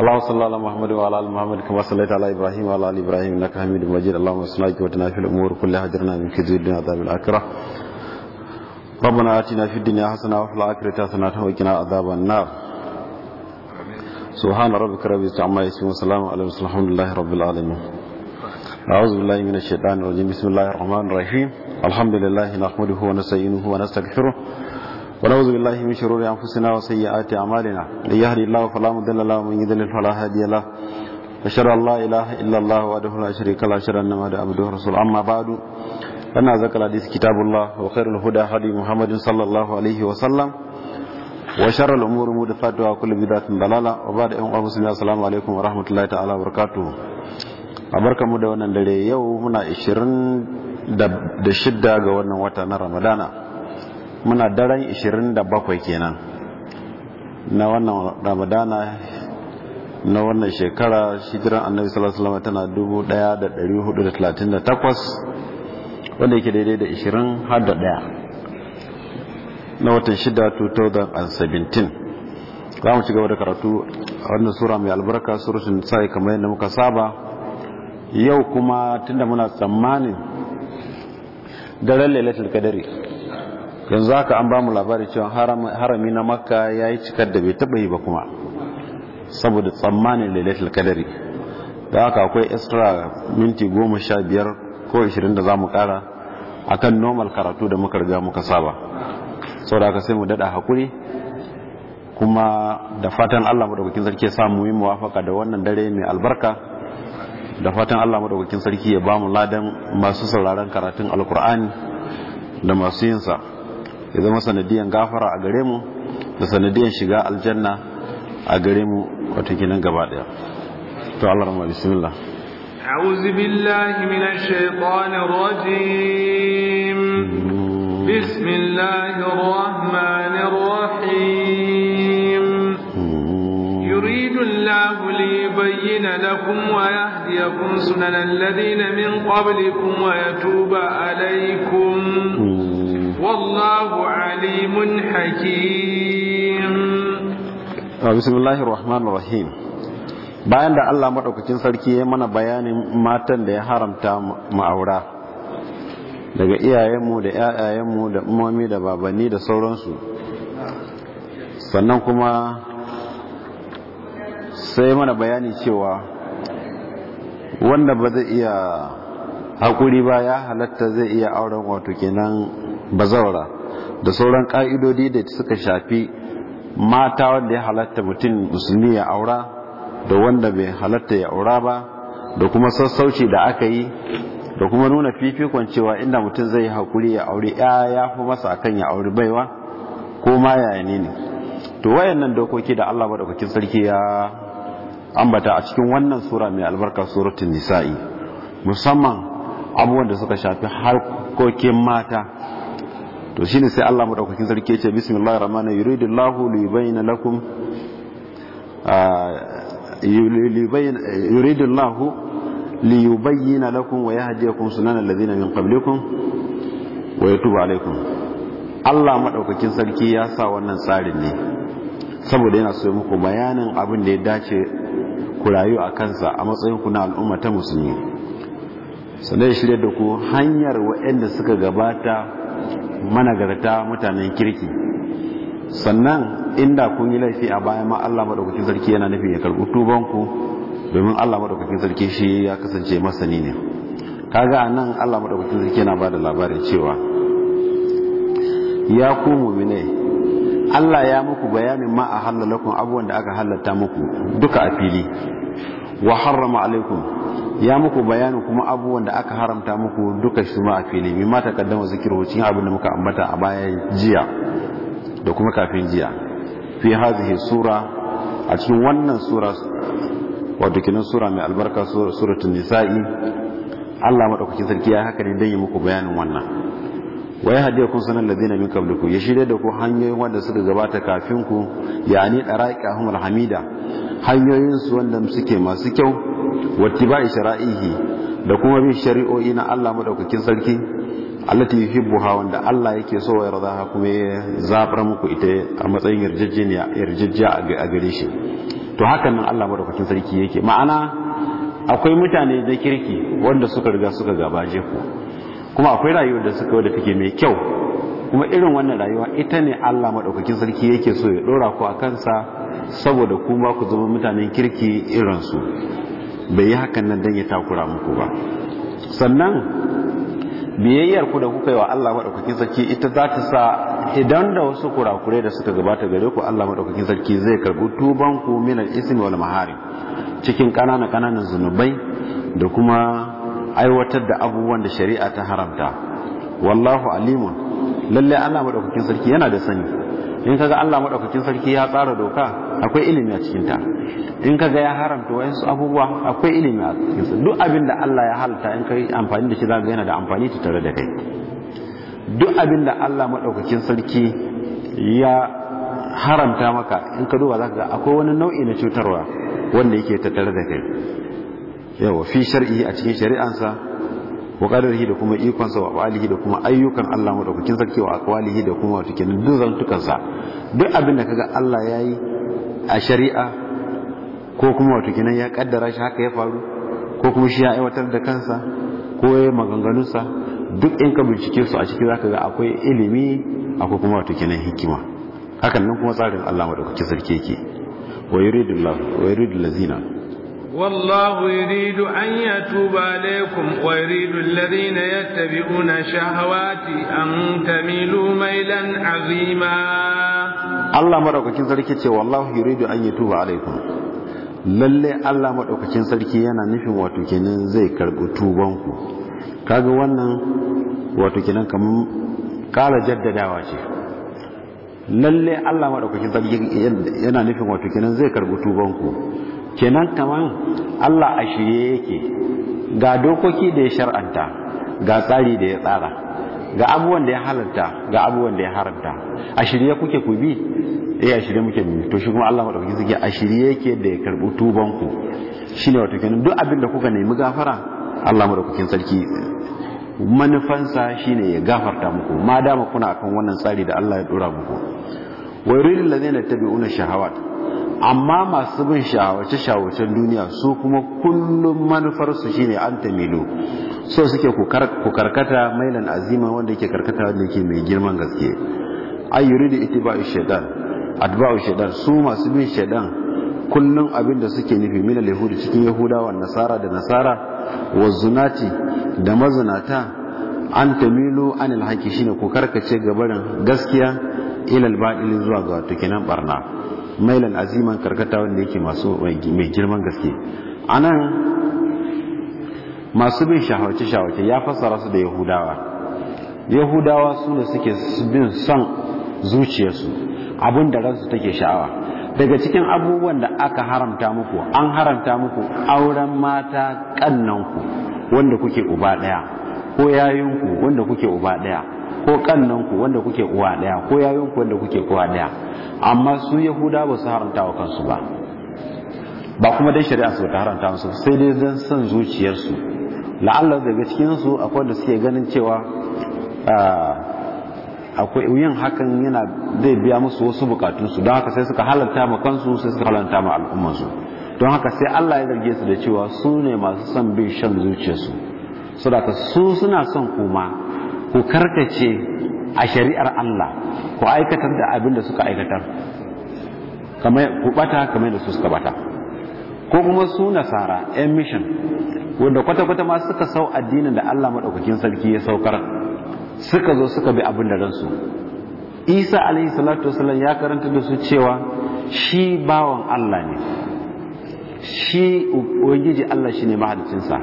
اللهم صل على محمد وعلى ال محمد كما صليت على ابراهيم وعلى ال ابراهيم انك حميد مجيد اللهم اصلح وتنا في الامور كلها اجرنا من كيد الدنيا عذاب الاخره ربنا اتنا في الدنيا حسنه وفي الاخره حسنه وقنا عذاب النار سبحان ربك رب العزه عما يصفون وسلام على المرسلين الحمد لله رب العالمين أعوذ بالله من الشيطان الرجيم بسم الله الرحمن الرحيم الحمد لله نحمده ونستعينه ونستغفره ونعوذ بالله من شرور أنفسنا وسيئات أعمالنا من يهدي الله فلا مضل له ومن يضلل فلا هادي له أشهد أن لا إله إلا الله وحده لا شريك له أشهد أن محمدا عبده ورسوله أما بعد فإن أصدق الحديث كتاب الله وخير الهدى هدي محمد صلى الله عليه وسلم وشر الأمور محدثاتها وكل بدعة ضلالة وبعد أيها المسلمين السلام عليكم ورحمة الله تعالى وبركاته أبارك mu da wannan dare yau muna 26 ga wannan wata na Ramadana muna daren 27 kenan na wannan ramadana na wannan shekara shigiran annabi sallallahu tana 1438 wanda yake daidai da 20 har da daya na watan 6 2017 za mu ci gaba da karatu a wannan sura mai albarka surutun sai kamar yadda muka saba yau kuma tunda muna tsammanin daren lailatul kadari yanzu haka an ba mu labari cewa harami na makka ya yi cikar da bai taɓa yi ba kuma saboda tsammanin lalatul kadari da haka akwai extra minti goma sha biyar ko ashirin da za mu ƙara kan normal karatu da muka riga muka saba sau da aka sai mu daɗa haƙuri kuma da fatan allah maɗaukakin sarki ya samu yi muwafaka da wannan dare mai albarka da fatan allah maɗaukakin sarki ya ba mu ladan masu sauraron karatun alkur'ani da masu yinsa ya zama sanadiyan gafara a gare mu da sanadiyan shiga aljanna a gare mu wato kinan gaba daya to Allah rahma bismillah a'udhu billahi minash shaitanir rajim hmm. bismillahir rahmanir rahim hmm. yuridu lakum wa yahdiyakum sunanal ladina min qablikum wa yatuba alaykum hmm. والله عليم حكيم بسم الله الرحمن الرحيم bayan da Allah madaukakin sarki ya mana bayanin matan da ya haramta ma'aura daga iyayenmu da ‘ya'yayenmu da umomi da babanni da sauransu sannan kuma sai mana bayani cewa wanda ba zai iya haƙuri ba ya halatta zai iya auren wato kenan bazawara da sauran ƙa'idodi da suka shafi mata wanda ya halatta mutum musulmi ya aura da wanda bai halatta ya aura ba da kuma sassauci da aka yi da kuma nuna fifikon cewa inda mutum zai haƙuri ya aure ya fi masa akan ya aure baiwa ko ma yaya ne to wayannan dokoki da Allah madaukakin sarki ya ambata a cikin wannan sura mai albarka suratul nisa'i musamman abubuwan da suka shafi harkokin mata to shine sai Allah madaukakin sarki ya bismillahir rahmanir yuridu Allahu li yubayyana lakum ah, yuridu Allahu li yubayyana lakum wa yahdiyakum sunan alladhina min qablikum wa yatubu alaykum Allah madaukakin sarki ya sa wannan tsarin ne saboda yana so muku bayanin abin da ya dace ku rayu a kansa a matsayin ku na al'umma ta musulmi sannan shirya da ku hanyar waɗanda suka gabata managarta mutanen kirki sannan inda kun yi laifi a bayan ma Allah madaukakin sarki yana nufin ya karɓi tubanku domin Allah madaukakin sarki shi ya kasance masani ne kaga anan Allah madaukakin sarki yana bada labarin cewa ya ku mu'mine Allah ya muku bayanin ma a halalakun abubuwan da aka halatta muku duka a fili wa harrama alaikum ya muku bayanin kuma abubuwan da aka haramta muku duka shi ma a fili min ma taqaddama zikru cikin abin da muka ambata a baya jiya da kuma kafin jiya fi hazihi sura a cikin wannan sura wato kinan sura mai albarka suratun nisa'i Allah madaukakin sarki ya haka ne dan yi muku bayanin wannan wa kun sunan ladina min qablikum ya shirya da ku hanyoyin wanda suka gabata kafin ku yani daraqahum alhamida hanyoyin su wanda suke masu kyau wattiba'i shara'ihi da kuma bin shari'o'i na Allah madaukakin sarki allati yuhibbuha wanda Allah yake so ya radaha kuma ya zafar muku ita a matsayin yarjejeniya a gare shi to hakan nan Allah madaukakin sarki yake ma'ana akwai mutane da kirki wanda suka riga suka gabaje ku kuma akwai rayuwar da suka wadda take mai kyau kuma irin wannan rayuwa ita ne Allah maɗaukakin sarki yake so ya ɗora ku a kansa saboda kuma ku zama mutanen kirki irinsu bai yi hakan nan dan ya takura muku ba sannan biyayyar ku da kuka yi wa Allah maɗaukakin sarki ita za ta sa idan da wasu kurakurai da suka gabata gare ku Allah maɗaukakin sarki zai karɓi tuban ku min al-ismi cikin ƙananan ƙananan zunubai da kuma aiwatar da abubuwan da shari'a ta haramta wallahu alimun lalle Allah madaukakin sarki yana da sani in kaga Allah madaukakin sarki ya tsara doka akwai ilimi a cikin ta in kaga ya haramta wayansu abubuwa akwai ilimi a cikin sa duk abin da Allah ya halta in kai amfani da shi zaka yana da amfani ta tare da kai duk abin da Allah madaukakin sarki ya haramta maka in ka duba zaka ga akwai wani nau'i na cutarwa wanda yake tattare da kai yawa fi shar'i a cikin shari'ansa wa qadarihi da kuma ikonsa wa alihi da kuma ayyukan Allah madaukakin sarki wa aqwalihi da kuma wato kenan duk zantukansa duk abin da kaga Allah yayi a shari'a ko kuma wato kenan ya kaddara shi haka ya faru ko kuma shi ya aiwatar da kansa ko ya maganganunsa duk in ka bincike su a ciki zaka ga akwai ilimi akwai kuma wato kenan hikima hakan nan kuma tsarin Allah madaukakin sarki yake wa yuridullahu wa yuridul lazina والله يريد أن يتوب عليكم ويريد الذين يتبعون شهوات أن تميلوا ميلا عظيما الله مدوكاكين سركي والله يريد أن يتوب عليكم lalle Allah madaukakin sarki yana nufin wato kenan zai karɓi tubanku kaga wannan wato kenan kaman kara jaddadawa ce lalle Allah madaukakin sarki yana nufin wato kenan zai karɓi tubanku kenan kaman Allah a shirye yake ga dokoki da ya shar'anta ga tsari da ya tsara ga abubuwan da ya halarta ga abubuwan da ya haramta a shirye kuke ku bi eh a shirye muke bi to shi kuma Allah madaukaki suke a shirye yake da ya karɓi tuban ku shine wato kenan duk abin da kuka nemi gafara Allah madaukakin sarki manufansa shine ya gafarta muku ma dama kuna akan wannan tsari da Allah ya dora muku wa yuridul ladzina yattabi'una shahawat amma masu bin shawace-shawacen duniya su kuma kullum manufarsu shine an tamilu so suke ku karkata mailan azima wanda yake karkata wanda yake mai girman gaske ayyuri da ita ba'u shaidan adba'u shaidan su masu bin shaidan kullum abinda da suke nufi mina yahudi cikin yahudawa nasara da nasara wa zunati da mazunata an tamilu anil shi ne ku karkace gabarin gaskiya ilal ba'ilin zuwa ga tukinan barna mailan aziman karkata wanda yake masu mai girman gaske anan masu bin shahawace-shahawace ya fassara su da yahudawa yahudawa su ne suke bin son zuciyarsu abin da ransu take sha'awa daga cikin abubuwan da aka haramta muku an haramta muku auren mata kannanku wanda kuke uba ɗaya ko yayinku wanda kuke uba ɗaya ko kannanku wanda kuke uwa daya ko yayinku wanda kuke uwa daya amma su yahuda ba su haranta wa kansu ba ba kuma dai shari'a su ta haranta musu sai dai zan son zuciyarsu la'alla daga cikin su akwai wanda suke ganin cewa akwai yin hakan yana zai biya musu wasu bukatunsu don haka sai suka halarta ma kansu sai suka halarta ma al'ummarsu don haka sai Allah ya zarge su da cewa su ne masu son bin shan zuciyarsu su da su suna son kuma ku karkace a shari'ar Allah ku aikatar da abin da suka aikatar ku bata kamar da su suka bata ko kuma su nasara yan mission wanda kwata-kwata ma suka sau addinin da Allah maɗaukakin sarki ya saukar suka zo suka bi abin da ransu isa alaihi salatu wasallam ya karanta da su cewa shi bawan Allah ne shi ubangiji Allah shi ne mahalicinsa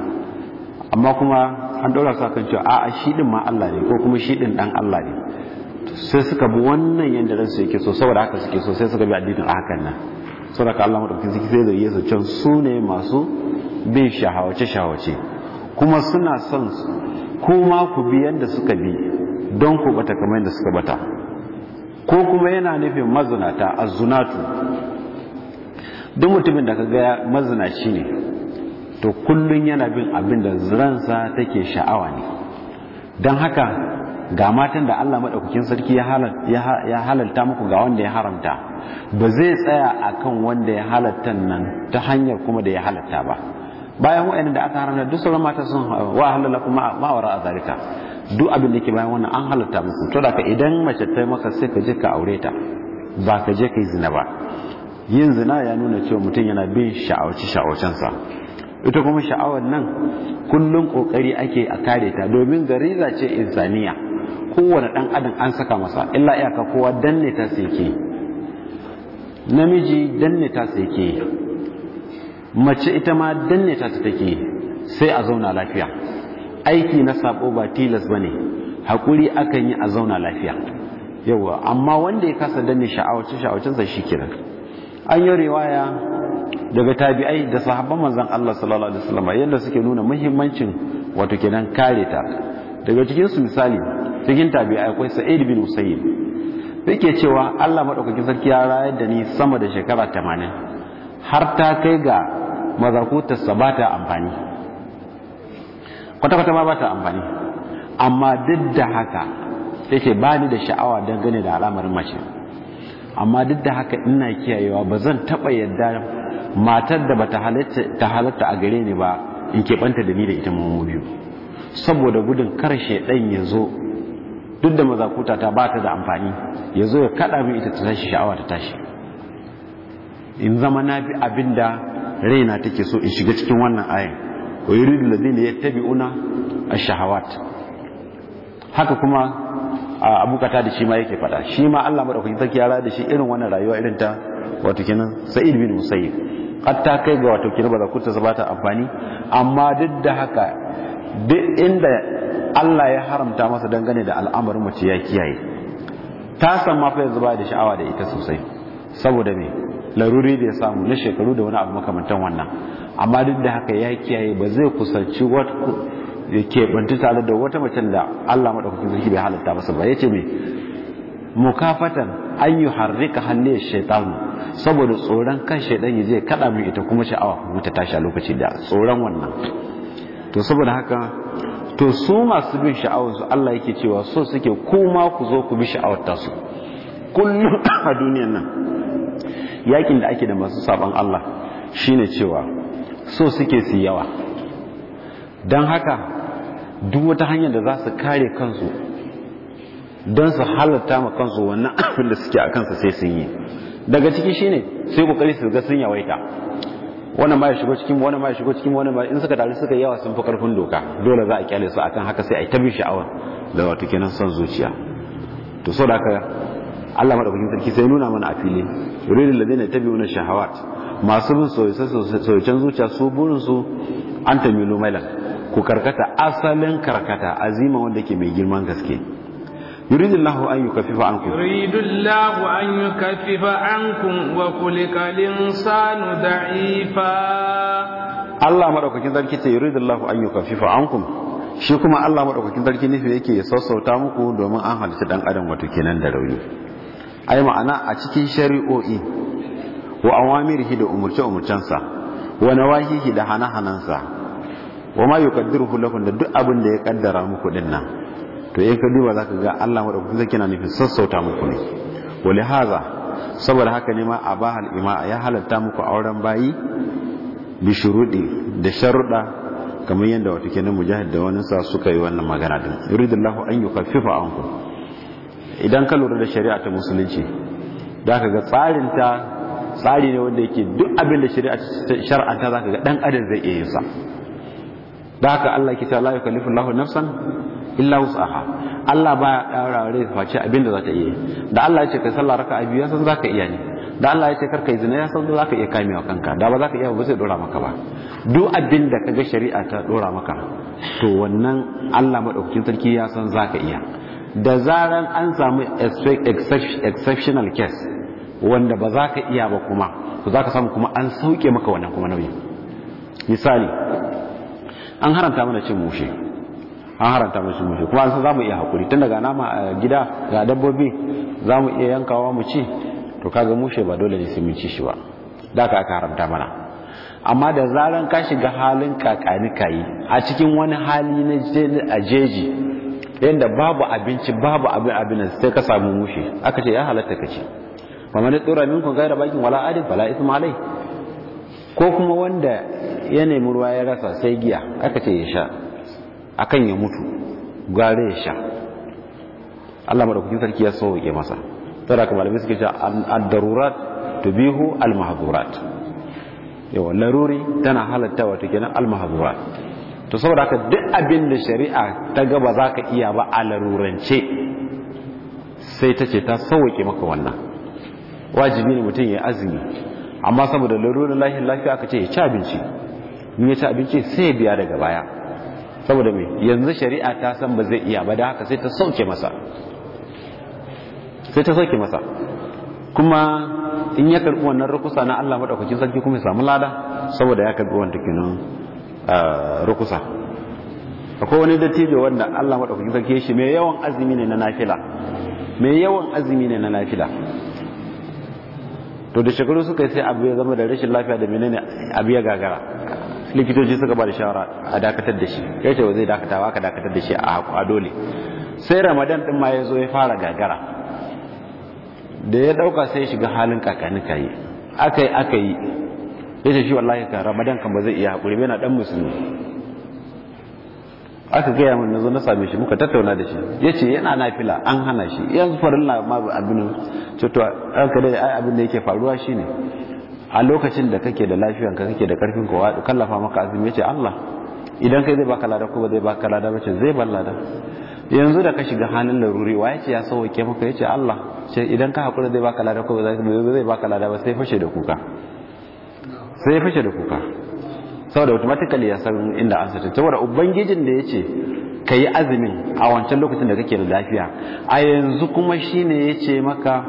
amma kuma an daura su kan cewa a'a shi din ma Allah ne ko kuma shi din dan Allah ne sai suka bi wannan yanda ransu yake so saboda haka suke so sai suka bi addinin a hakan nan saboda Allah madaukakin sarki sai da Yesu can su ne masu bin shahawace shahawace kuma suna son kuma ku bi yanda suka bi don ku bata kamar yanda suka bata ko kuma yana nufin mazinata azunatu duk mutumin da ka ga mazinaci ne to kullum yana bin abin da take sha'awa ne don haka ga matan da Allah maɗaukakin sarki ya halalta muku ga wanda ya haramta ba zai tsaya kan wanda ya halatta nan ta hanyar kuma da ya halatta ba bayan wa'in da aka haramta duk sauran mata sun wa halala kuma ma'awara a zarika duk abin da ke bayan wannan an halatta muku to da ka idan mace ta maka sai ka je ka aure ta ba ka je ka yi zina ba yin zina ya nuna cewa mutum yana bin sha'awace sha'awacensa ita kuma sha'awar nan kullum kokari ake a kare ta domin gariza ce insaniya kowane dan adam an saka masa illa iyaka kowa danne ta sake namiji danne ta sake mace ita ma danne ta take sai a zauna lafiya aiki na sabo ba tilas ba ne haƙuri akan yi a zauna lafiya yawa amma wanda ya kasa danne sha'awacin sha'awacensa shi an yi riwaya daga tabi'ai da sahabban manzon Allah sallallahu alaihi wasallam yadda suke nuna muhimmancin wato kenan kare ta daga cikin su misali cikin tabi'ai akwai Sa'id bin Usayyib yake cewa Allah madaukakin sarki ya rayar da ni sama da shekara 80 har ta kai ga mazakutar sabata amfani kwata-kwata ma ba ta amfani amma duk da haka yake ba ni da sha'awa dangane da al'amarin mace amma duk da haka ina kiyayewa ba zan taɓa yadda matar da bata halatta ta halatta a gare ni ba in keɓanta da ni da ita mu biyu saboda gudun karshe ɗan ya zo duk da mazakuta ta bata da amfani ya zo ya kaɗa min ita ta tashi sha'awa ta tashi in zama na bi abin da raina take so in shiga cikin wannan ayin ayan wa ya tabi una a shahawat haka kuma a abukata da shi ma yake faɗa shi ma Allah madaukakin sarki ya da shi irin wannan rayuwa irin ta wata kenan sa'id bin musayyib hatta kai ga wato kina ba zakurta ba ta amfani amma duk da haka duk inda Allah ya haramta masa dangane da al'amarin mace ya kiyaye ta san ma fa zuba da sha'awa da ita sosai saboda me laruri da ya samu na shekaru da wani abu makamantan wannan amma duk da haka ya kiyaye ba zai kusanci wata yake bantu tare da wata mace da Allah madaukakin sarki bai halatta masa ba ya ce mukafatan an yi harrika hannun shaitanu saboda tsoron kan shaitan ya zai kada min ita kuma sha'awa ta tashi a lokaci da tsoron wannan to saboda haka to su masu bin sha'awar su Allah yake cewa so suke kuma ku zo ku bi sha'awar tasu kullum a duniyan nan yakin da ake da masu saban Allah shine cewa so suke su yawa don haka duk wata hanyar da za su kare kansu don su halatta ma kansu wannan abin da suke a kansa sai sun yi daga ciki shine sai kokari su ga sun yawaita wannan ma ya shigo cikin wannan ma ya shigo cikin wannan ma in suka taru suka yawa sun fi karfin doka dole za a kyale su akan haka sai a yi ta bin sha'awar da wato kenan son zuciya to so da haka Allah madaukakin sarki sai nuna mana a fili yuridul ladina tabi'una shahawat masu bin soyayyen zuciya su burin su an tamilu mailan ku karkata asalin karkata azima wanda ke mai girman gaske يريد الله أن يكفف عنكم يريد الله أن يكفف عنكم وخلق الإنسان ضعيفا الله مدوكاكين ذلك يريد الله أن يكفف عنكم shi kuma Allah madaukakin sarki nufi yake sassauta muku domin an halitta dan adam wato kenan da rauni ai ma'ana a cikin shari'o'i wa awamirihi da umurce umurcensa wa nawahihi da hana-hanansa wa ma yukaddiruhu lakum da duk abin da ya kaddara muku dinnan to in ka duba ka ga Allah madaukakin zai kina nufin sassauta muku ne wali haza saboda haka ne ma a bahar ima ya halatta muku auren bayi bi da sharuɗa kamar yadda wata kenan mujahid da wani sa suka yi wannan magana din yuridullahu an an ku. idan ka lura da shari'a ta musulunci da ka ga tsarin ta tsari ne wanda yake duk abin da shari'a za ka ga ɗan adam zai iya yin sa da haka Allah ke ta la yukallifu lahu nafsan illa wus'aha Allah baya ƙara rai face abinda za ta iya da Allah ya ce kai sallah raka'a biyu ya san za ka iya ne da Allah ya ce kar yi zina ya san za ka iya kamewa kanka da ba za ka iya ba sai dora maka ba duk abin da kaga shari'a ta dora maka to wannan Allah madaukakin sarki ya san za ka iya da zaran an samu exceptional case wanda ba za ka iya ba kuma to za ka samu kuma an sauke maka wannan kuma nauyi misali an haramta mana cin mushe an haranta musu mushi kuma an san za iya hakuri tun daga nama a gida ga dabbobi zamu mu iya yankawa mu ci to kaga mushe ba dole ne sai mun ci shi ba da ka aka haramta mana amma da zaran ka shiga halin kakani kayi a cikin wani hali na jeji yadda babu abinci babu abin abin sai ka samu mushe aka ce ya halatta ka ci fa man tsura minkum da bakin wala adin bala isma ko kuma wanda ya nemi ruwa ya rasa sai giya aka ce ya sha akan ya mutu gare ya sha Allah madaukakin sarki ya sauke masa saboda kuma malamai suke cewa ad-darurat tubihu al-mahdhurat yawa laruri tana halatta wato kenan al-mahdhurat to saboda haka duk abin da shari'a ta ga ba za ka iya ba a larurance sai ta ce ta sauke maka wannan wajibi ne mutum ya azumi amma saboda larurin lafiya aka ce ya ci abinci in ya ci abinci sai ya biya daga baya saboda me yanzu shari'a ta san ba zai iya ba da haka sai ta sauke masa sai ta sauke masa kuma in ya karbi wannan rukusa na Allah madaukakin sarki kuma ya samu lada saboda ya karbi wanda kenan rukusa akwai wani dattijo wanda Allah madaukakin sarki shi mai yawan azumi ne na nafila mai yawan azumi ne na nafila to da shekaru suka yi sai abu ya zama da rashin lafiya da menene abu ya gagara likitoci suka ba da shawara a dakatar da shi ya ce ba zai dakatawa aka dakatar da shi a dole sai ramadan din ma ya zo ya fara gagara da ya dauka sai ya shiga halin kakani yi aka yi aka yi ya ce shi wallahi ka ramadan kan ba zai iya haƙuri bai na dan musulmi aka gaya min nazo na same shi muka tattauna da shi ya ce yana nafila an hana shi yanzu na ma abin to an kada ai abin da yake faruwa shine a lokacin da kake da lafiyan ka kake da karfin kowa kallafa maka azumi yace Allah idan kai zai baka lada ko ba zai baka lada ba ce zai ballada yanzu da ka shiga halin laruri wa yace ya sauke maka yace Allah ce idan ka hakura zai baka lada ko ba zai baka lada ba sai fashe da kuka sai fashe da kuka saboda automatically ya san inda an sace saboda ubangijin da yace kai azumin a wancan lokacin da kake da lafiya a yanzu kuma shine yace maka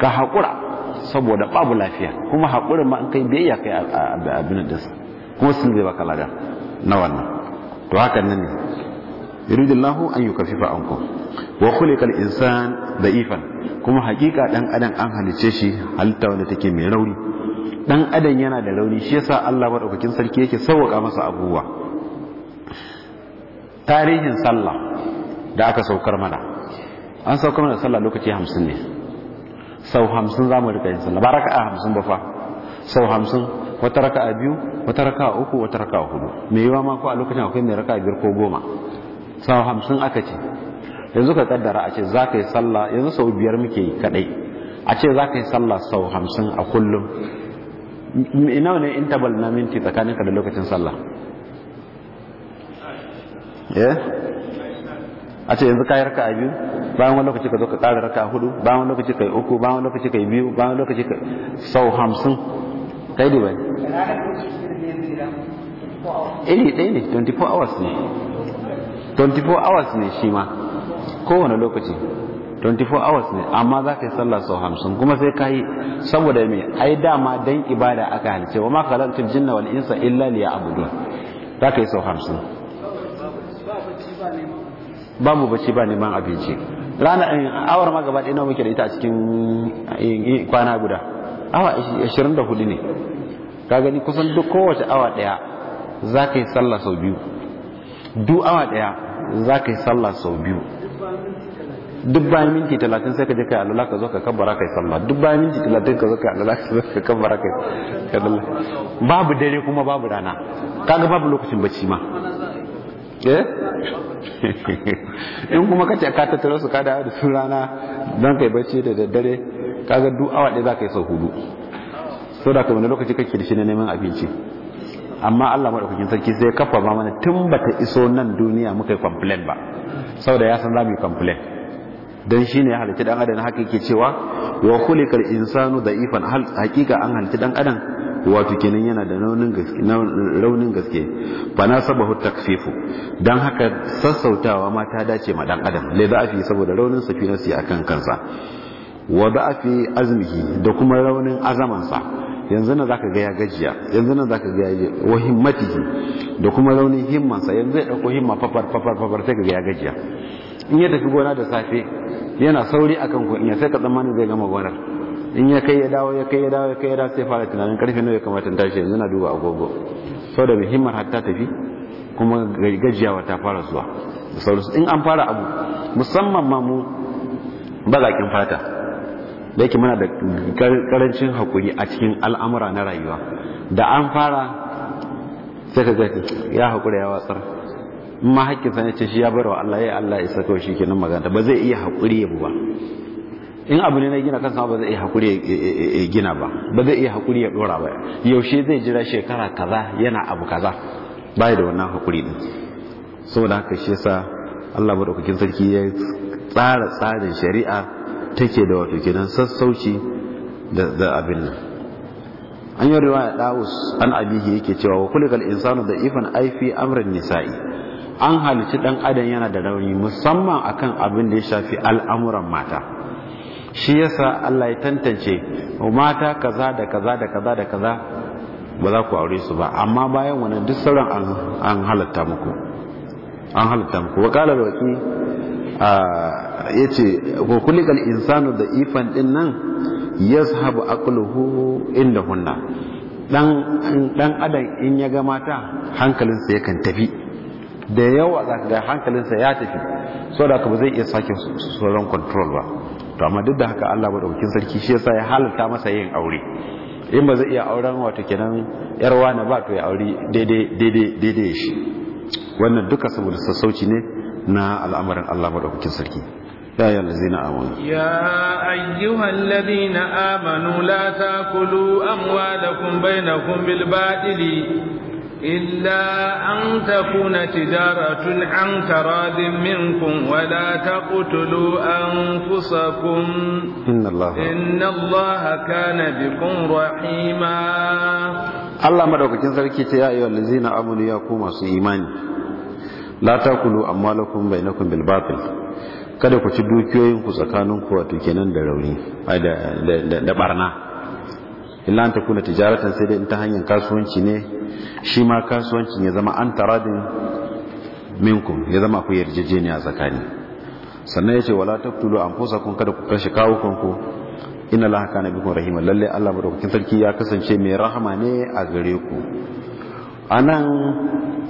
ka hakura saboda babu lafiya kuma haƙurin ma an kai biyayya kai abin da kuma sun zai baka lada na wannan to haka nan ne yuridillahu an fa'an ku wa khuliqal insan ifan kuma hakika ɗan adam an halice shi halitta wanda take mai rauni Ɗan adam yana da rauni shi yasa Allah madaukakin sarki yake sauka masa abubuwa tarihin sallah da aka saukar mana an saukar mana sallah lokaci hamsin ne sau hamsin za mu rika yin sallah ba raka'a hamsin ba fa sau hamsin wata raka'a biyu wata raka'a uku wata raka'a hudu me yiwa ma ko a lokacin akwai mai raka'a biyar ko goma sau hamsin aka ce yanzu ka kaddara a ce za ka yi sallah yanzu sau biyar muke yi kadai a ce za ka yi sallah sau hamsin a kullum ina ne intabal na minti tsakaninka da lokacin sallah eh a ce yanzu kayi raka'a biyu bayan wani lokaci ka zo ka ƙara raka'a hudu bayan wani lokaci kai uku bayan wani lokaci kai biyu bayan wani lokaci kai sau hamsin kai dubai iri ɗaya ne 24 hours ne 24 hours ne shi ma kowane lokaci 24 hours ne amma za ka yi sallah sau hamsin kuma sai ka yi saboda mai ai dama dan ibada aka halice wa ma khalaqtul jinna wal insa illa liya liya'budun za ka yi sau hamsin ba mu bace ba neman abinci rana eh, awar ma gaba ɗaya muke da ita a cikin eh, kwana guda awa 24 ne ka gani kusan duk kowace awa ɗaya za ka yi sallah sau biyu duk awa ɗaya za ka yi sallah sau biyu duk bayan minti talatin sai ka je kai alula ka zo ka kabbara kai sallah duk bayan minti talatin ka zo kai alula ka zo ka kabbara kai sallah babu dare kuma babu rana kaga babu lokacin bacci ma Eh? in kuma ka ce ka tattara su ka da da sun rana don kai bacci da daddare kaga duk awa ɗaya za ka yi sau hudu sau da wani lokaci kake da shi na neman abinci amma Allah maɗaukakin sarki sai kafa ba mana tun ba ta iso nan duniya muka yi complain ba sau da ya san za mu yi complain don shi ne halittu ɗan adam haka yake cewa wa kulikar insanu da ifan hakika an halittu ɗan adam wato kenan yana da raunin gaske fana sabahu takfifu don haka sassautawa ma ta dace ma dan adam lai fi saboda raunin safinarsa akan kansa wa fi azmihi da kuma raunin azamansa yanzu nan zaka ga ya gajiya yanzu nan zaka ga ya wa himmatihi da kuma raunin himmansa yanzu ya dauko himma fafar fafar fafar sai ka ga ya gajiya in ya tafi gona da safe yana sauri akan ku in ya sai ka tsammanin zai gama gonar in ya kai ya dawo ya kai ya dawo ya kai ya dawo sai fara tunanin karfe nawa ya kamata in tashi yanzu na duba agogo saboda muhimmar har ta tafi kuma gajiyawa ta fara zuwa da sauransu in an fara abu musamman ma mu bazakin fata da yake muna da karancin hakuri a cikin al'amura na rayuwa da an fara sai ka ga ya hakura ya watsar in ma hakkin sa ne ce shi ya bar wa Allah ya Allah ya sako shi kenan magana ba zai iya hakuri bu ba in abu ne na gina kansa ba zai iya hakuri ya eh, eh, eh, gina ba ba zai iya hakuri ya dora ba yaushe zai jira shekara kaza yana abu kaza bai da wannan hakuri din saboda haka shi yasa Allah madaukakin sarki ya tsara tsarin shari'a take da wato gidan sassauci da abin nan an yi riwaya da'us an abihi yake cewa wa kulikal insanu da ifan aifi amrin nisa'i an halici dan adam yana da rauni musamman akan abin da ya shafi al'amuran mata shi yasa Allah ya tantance mata kaza da kaza da kaza da kaza ba za ku aure su ba amma bayan wannan duk sauran an halatta muku an halatta muku wa roki a yace ko kulikal insanu da ifan din nan yazhabu aqluhu inda hunna dan dan adam in ya ga mata hankalinsa yakan tafi da yawa zaka ga hankalinsa ya tafi saboda ka ba zai iya sake sauran control ba to amma duk da haka Allah madaukakin sarki shi yasa ya halatta masa yin aure in ba zai iya auren wato kenan yar wani ba to ya aure daidai daidai daidai shi wannan duka saboda sassauci ne na al'amarin Allah madaukakin sarki يا أيها الذين آمنوا يا أيها الذين آمنوا لا تأكلوا أموالكم بينكم بالباطل إلا أن تكون تجارة عن تراد منكم ولا تقتلوا أنفسكم إن الله إن الله كان بكم رحيما الله مدعوك تنزلك يا أيها الذين آمنوا يا قوم إيمان لا تأكلوا أموالكم بينكم بالباطل kada ku ci dukiyoyinku tsakaninku wato kenan da rauni da barna illa an takuna tijaratan sai dai in ta hanyar kasuwanci ne shi ma kasuwancin ya zama an taradin minkum ya zama akwai yarjejeniya tsakani sannan ya ce wala taqtulu anfusakum kada ku kashe kawukan ku inna allaha kana bikum rahima lalle Allah madaukakin sarki ya kasance mai rahama ne a gare ku anan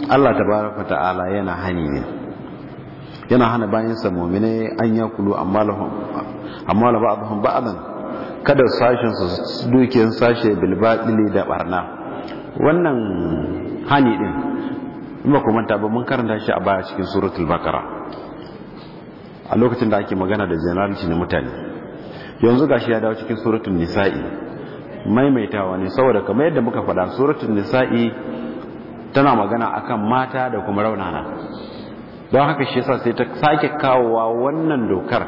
Allah tabaraka ta'ala yana hani ne yana hana bayan sa mu'mine an yakulu amma lahum amma la ba'dhum ba'dan kada sashen su dukiyar sashe bilbaɗili da barna wannan hani ɗin ba ku manta ba mun karanta shi a baya cikin suratul bakara a lokacin da ake magana da zinalci na mutane yanzu gashi ya dawo cikin suratul nisa'i maimaitawa ne saboda kamar yadda muka faɗa suratul nisa'i tana magana akan mata da kuma raunana don haka shi yasa sai ta sake kawowa wannan dokar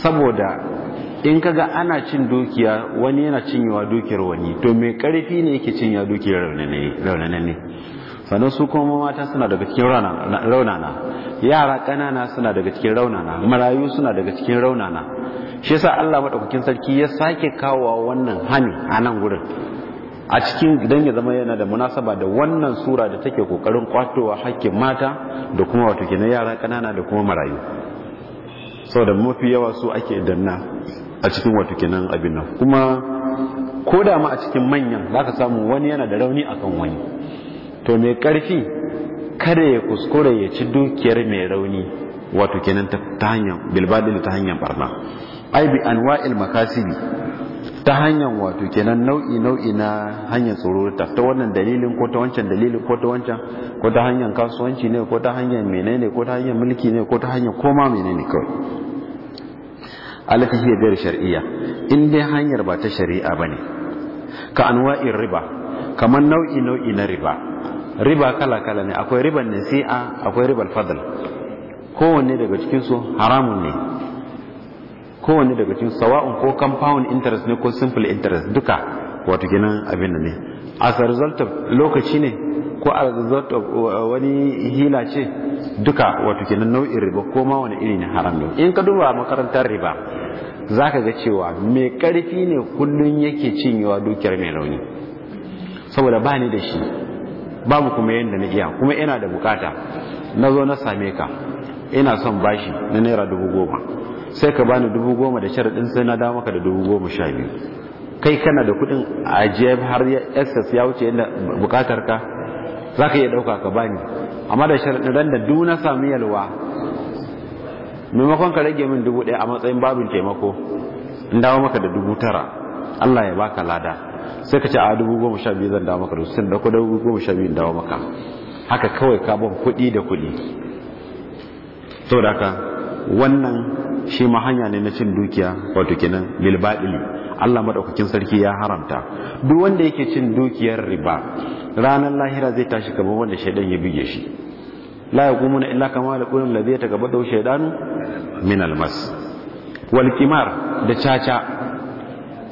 saboda in ka ga ana cin dukiya wani yana cinyewa dukiyar wani to mai karfi ne yake cinyewa dukiyar raunanan ne sannan su kuma mata suna daga cikin raunana yara ƙanana suna daga cikin raunana marayu suna daga cikin raunana shi sa Allah maɗaukakin sarki ya sake kawowa wannan hani a nan wurin. a cikin dan ya zama yana da munasaba da wannan sura da take kokarin kwatowa hakkin mata da kuma wato kenan yara ƙanana da kuma marayu saboda mafi yawa su ake danna a cikin wato kenan abin nan kuma ko da ma a cikin manyan za ka samu wani yana da rauni akan wani to mai karfi kada ya kuskure ya ci dukiyar mai rauni wato kenan ta hanyar bilbadin ta hanyar barna ai bi anwa'il makasibi ta hanyar wato kenan nau'i nau'i na hanyar tsoro ta ta wannan dalilin ko ta wancan dalilin ko ta wancan ko ta hanyar kasuwanci ne ko ta hanyar menene ko ta hanyar mulki ne ko ta hanyar koma menene kawai alati hiya gari shar'iyya in dai hanyar ba ta shari'a bane ka anwa'ir riba kamar nau'i nau'i na riba riba kala kala ne akwai riban nasi'a akwai riban fadl kowanne daga cikin su haramun ne kowanne daga cikin sawa'un ko compound interest ne ko simple interest duka wato gina abin da ne as a result of lokaci ne ko a result of uh, wani hila ce duka wato gina nau'in riba ko ma wani iri ne haram ne in ka duba makarantar riba Za ka ga cewa mai karfi ne kullum yake cinyewa dukiyar mai rauni saboda ba ni da shi babu kuma yadda na iya kuma yana da bukata na zo na same ka ina son bashi na naira dubu goma sai ka bani dubu goma da sharaɗin sai na dawo maka da dubu goma sha biyu kai kana da kudin ajiye har ya excess ya wuce inda bukatar ka za ka iya dauka ka bani amma da sharaɗin ran da duna sami yalwa maimakon ka rage min dubu ɗaya a matsayin babin taimako in dawo maka da dubu tara Allah ya baka lada sai ka ce a dubu goma sha biyu zan dawo maka da sun dauko dubu goma sha biyu dawo maka haka kawai ka ban kuɗi da kuɗi saboda haka wannan shi ma hanya ne na cin dukiya wato kenan bilbaɗili Allah madaukakin sarki ya haramta duk wanda yake cin dukiyar riba ranar lahira zai tashi gaba wanda shaidan ya buge shi la yaqumuna illa kama yaqulun ladhi yatagabadu shaydanu min almas wal kimar da caca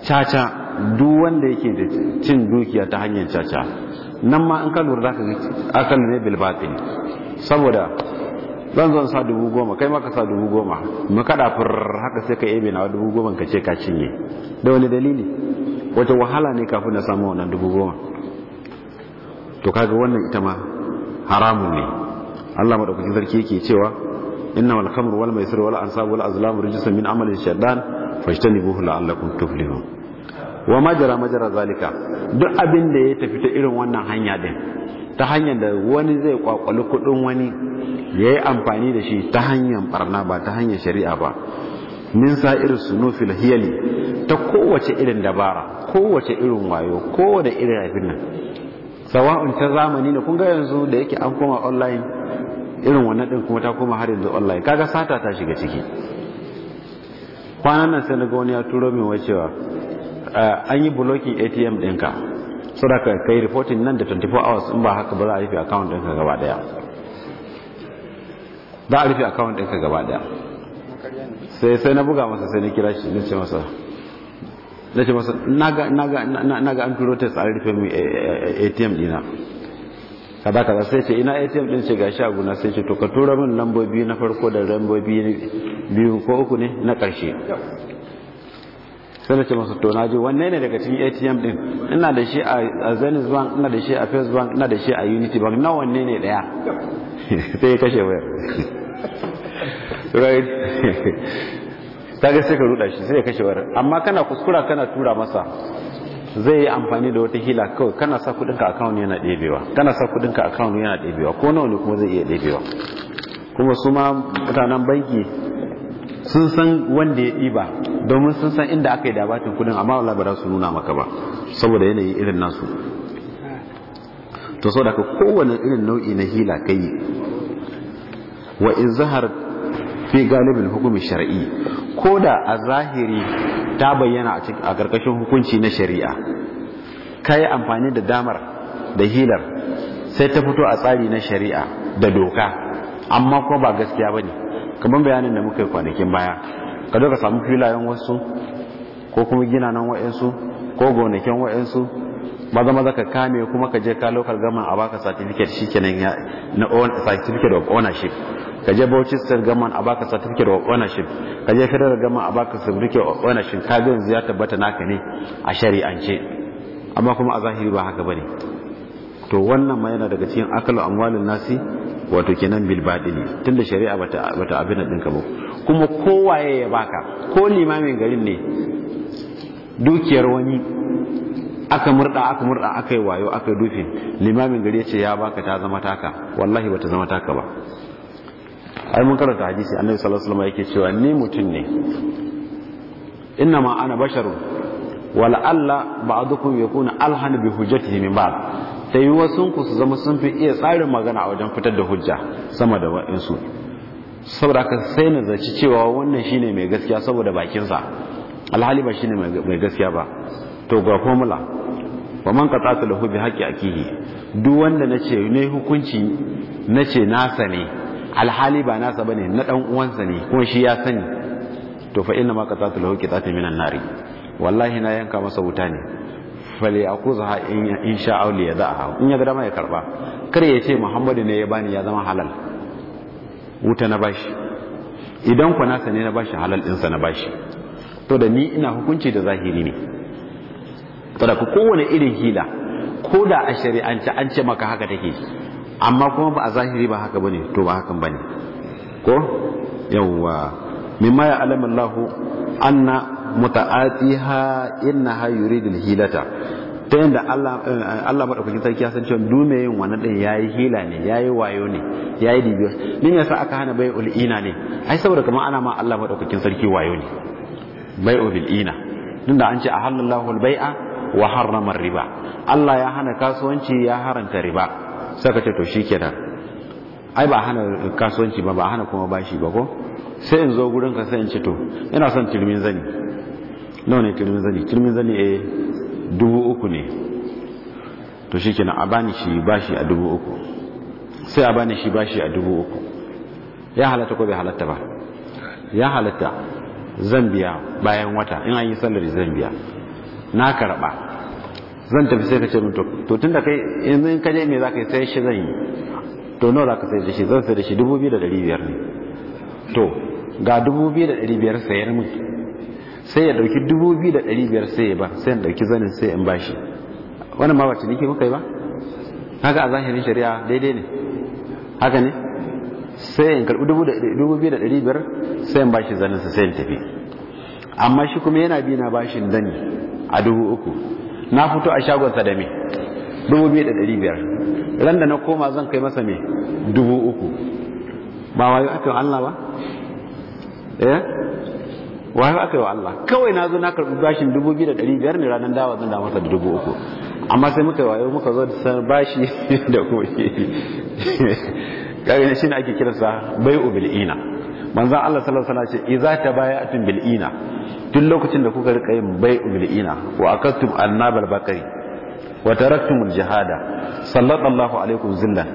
caca duk wanda yake da cin dukiya ta hanyar caca nan ma in ka lura zaka ga akan ne bil batil saboda zan zan sa dubu goma kai maka sa dubu goma mu kada fur haka sai ka ebe na dubu goma ka ce ka cinye da wani dalili wata wahala ne kafin na samu wannan dubu goma to kaga wannan ita ma haramun ne Allah madaukakin sarki yake cewa inna wal khamru wal maisir wal ansab wal azlam rijsun min amali shaytan fajtanibuhu la'allakum tuflihun wa majra majra zalika duk abin da ya tafi ta irin wannan hanya din ta hanyar da wani zai kwakwali kudin wani ya yi amfani da shi ta hanyar barna ba ta hanyar shari'a ba min sa'ir sunufil hiyali ta kowace irin dabara kowace irin wayo kowace irin abin nan sawa'un ta zamani ne kun ga yanzu da yake an koma online irin wannan din kuma ta koma har yanzu online kaga sata ta shiga ciki kwanan nan sai na ga wani ya turo min wacewa ah, an yi blocking ATM ɗinka so da ka kai reporting nan da 24 hours in ba haka ba za a yi fi account ɗinka gaba daya za a rufe akawun ɗinka gaba ɗaya sai sai na buga masa sai na kira shi nace masa nace ce masa na ga an turo test tsarin rufe mu eh, eh, atm dina kaza ka sai ce ina atm din ce gashi a guna sai ce to ka tura min lambobi na farko da lambobi biyu ko uku ne na karshe sai nace masa to na ji wanne ne daga cikin atm din ina da shi a zenith bank ina da shi a first bank ina da shi a unity bank na wanne ne daya sai ya kashe wayar right kaga sai ka ruda shi sai ya kashe wayar amma kana kuskura kana tura masa zai yi amfani da wata hila kawai kana sa ka account yana ɗebewa kana sa ka account yana ɗebewa ko nawa ne kuma zai iya ɗebewa kuma su ma mutanen banki sun san wanda ya ba domin sun san inda aka yi dabatin kudin amma wala ba za su nuna maka ba saboda yanayi irin nasu to saboda ka kowane irin nau'i na hila ka yi wa izhar fi galibin hukumi shar'i ko da a zahiri ta bayyana a ƙarƙashin hukunci na shari'a ka yi amfani da damar da hilar sai ta fito a tsari na shari'a da doka amma kuma ba gaskiya ba ne kamar bayanin da muka yi kwanakin baya ka ka samu filayen wasu ko kuma gina nan wa'insu ko gonakin wa'insu maza maza ka kame kuma ka je ka local government a baka certificate shikenan na certificate of ownership ka je bauchi state a baka certificate of ownership ka je federal government a baka certificate of ownership ka ga yanzu ya tabbata naka ne a shari'ance amma kuma a zahiri ba haka bane to wannan ma yana daga cikin akalu amwalin nasi wato kenan bil badili tunda shari'a bata bata abin da dinka ba kuma kowaye ya baka ko limamin garin ne dukiyar wani aka murda aka murda aka yi wayo aka yi dufin limamin gari ya ce ya baka ta zama taka wallahi bata zama taka ba ai mun karanta hadisi annabi sallallahu alaihi wasallam yake cewa ni mutum ne inna ma ana basharun wala alla ba'dukum yakuna alhan bi hujjatihi min ba'd sai wasu ku su zama sun fi iya tsarin magana a wajen fitar da hujja sama da wa'insu saboda haka sai na zaci cewa wannan shine mai gaskiya saboda bakinsa alhali ba shine mai gaskiya ba to ga formula wa man qata'tu lahu bi haqqi akihi duk wanda nace ne hukunci nace na sane. alhali ba nasa bane na dan uwansa ne kuma shi ya sani to fa inna ma qatatu lahu qitatan minan nari wallahi na yanka masa wuta ne fali akuzha in sha Allah ya za'a in ya ga ya karba kar ya ce muhammadu ne ya bani ya zama halal wuta na bashi idan ku nasa ne na bashi halal sa na bashi to da ni ina hukunci da zahiri ne to da ku kowane irin hila ko da a shari'ance an ce maka haka take amma kuma ba a zahiri ba haka bane to ba hakan bane ko yawwa mimma ya alama Allah anna muta'atiha innaha ta yadda Allah maɗaukakin sarki ya san cewa dume yin ɗin ya yi hila ne ya yi wayo ne ya yi ne ya sa aka hana bai ne ai saboda kamar ana ma Allah maɗaukakin sarki wayo ne tun da an ce a halallahu bai'a wa harramar riba Allah ya hana kasuwanci ya haranta riba saka ce to shikenan ai ba hana kasuwanci ba ba hana kuma bashi ba ko sai in zo gurin ka sai in ce to ina son tilmin zani nawa ne tilmin zani tilmin zani eh dubu uku ne to shikenan a bani shi bashi a dubu uku sai a bani shi bashi a dubu uku ya halatta ko bai halatta ba ya halatta zan biya bayan wata in an yi sallar zan biya na karɓa. zan tafi sai ka ce mutu to tun da kai in ka je me za ka yi sai shi zan yi to nawa za ka sai da shi zan sai da shi dubu biyu da ɗari biyar ne to ga dubu biyu da ɗari biyar sayar min sai ya ɗauki dubu biyu da ɗari biyar sai ya ba sai ya ɗauki zanin sai in bashi wannan ma ba ciniki kuka yi ba haka a zahirin shari'a daidai ne haka ne sai in karɓi dubu biyu da ɗari biyar sai in bashi zaninsa sai in tafi amma shi kuma yana bi na bashin dani a dubu uku na fito a shagonsa da me dubu biyu da ɗari biyar ran da na koma zan kai masa me dubu uku ba wayo aka yi Allah ba eh wayo aka yi Allah kawai na zo na karɓi bashin dubu biyu da ɗari biyar ne ranar dawa zan da masa da dubu uku amma sai muka wayo muka zo da bashi da kuma na shi ne ake kiransa bai ubil ina manzon Allah sallallahu alaihi wasallam ce idza tabaya'tum bil ina duk lokacin da kuka rika yin bai'u bil ina wa akattum annabal baqari wa taraktum al jihada sallallahu alaikum zillan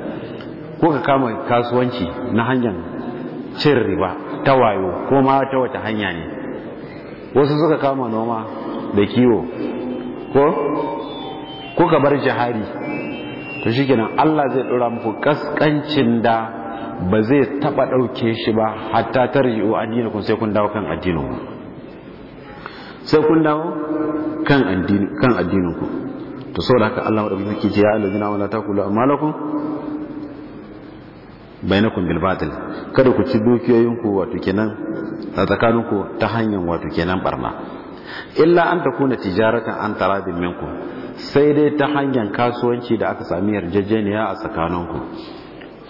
kuka kama kasuwanci na hanyar cin riba ta wayo ko ma ta wata hanya ne wasu suka kama noma da kiwo ko kuka bar jihadi to shikenan Allah zai dora muku kaskancin da ba zai taba dauke shi ba hatta tarji'u kun sai kun dawo kan ku sai kun dawo kan addini kan ku to saboda haka Allah madaukakin yake ji ya allazina wala taqulu amalakum bainakum bil batil kada ku ci dukiyoyinku wato kenan a tsakaninku ta hanyar wato kenan barna illa an takuna tijaratan an taradin minkum sai dai ta hanyar kasuwanci da aka sami yarjejeniya a tsakaninku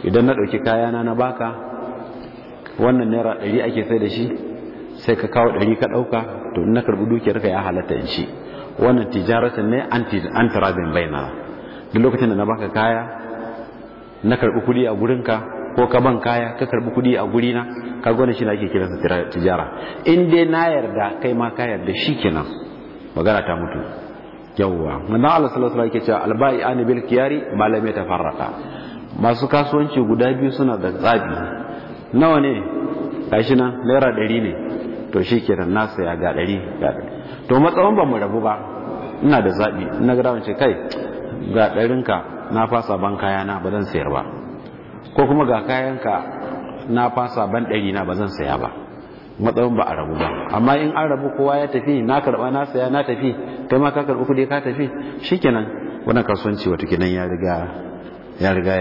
idan na ɗauki kayana na baka wannan naira ɗari ake sai da shi sai ka kawo ɗari ka ɗauka to na karɓi dukiyar ka ya halatta in ci wannan tijaratan ne an tarabin baina duk lokacin da na baka kaya na karɓi kuɗi a gurinka ko ka ban kaya ka karɓi kuɗi a gurina ka gwada shi na ake kiransa tijara in dai na yarda kai ma ka yarda shi kenan magana ta mutu yawwa manzon Allah sallallahu alaihi wasallam yake cewa albai an bil kiyari ma lam yatafarraqa masu kasuwanci guda biyu suna da zabi nawa ne gashi nan naira ɗari ne to shi kenan na saya ga ɗari ga ɗari to matsawan ba mu rabu ba ina da zaɓi ina ga ce kai ga ɗarinka na fasa ban kayana ba zan sayar ba ko kuma ga kayanka na fasa ban ɗari na ba zan saya ba matsawan ba a rabu ba amma in an rabu kowa ya tafi na karɓa na saya na tafi kai ma ka karɓi kuɗi ka tafi shikenan wannan kasuwanci wata kenan ya riga ya riga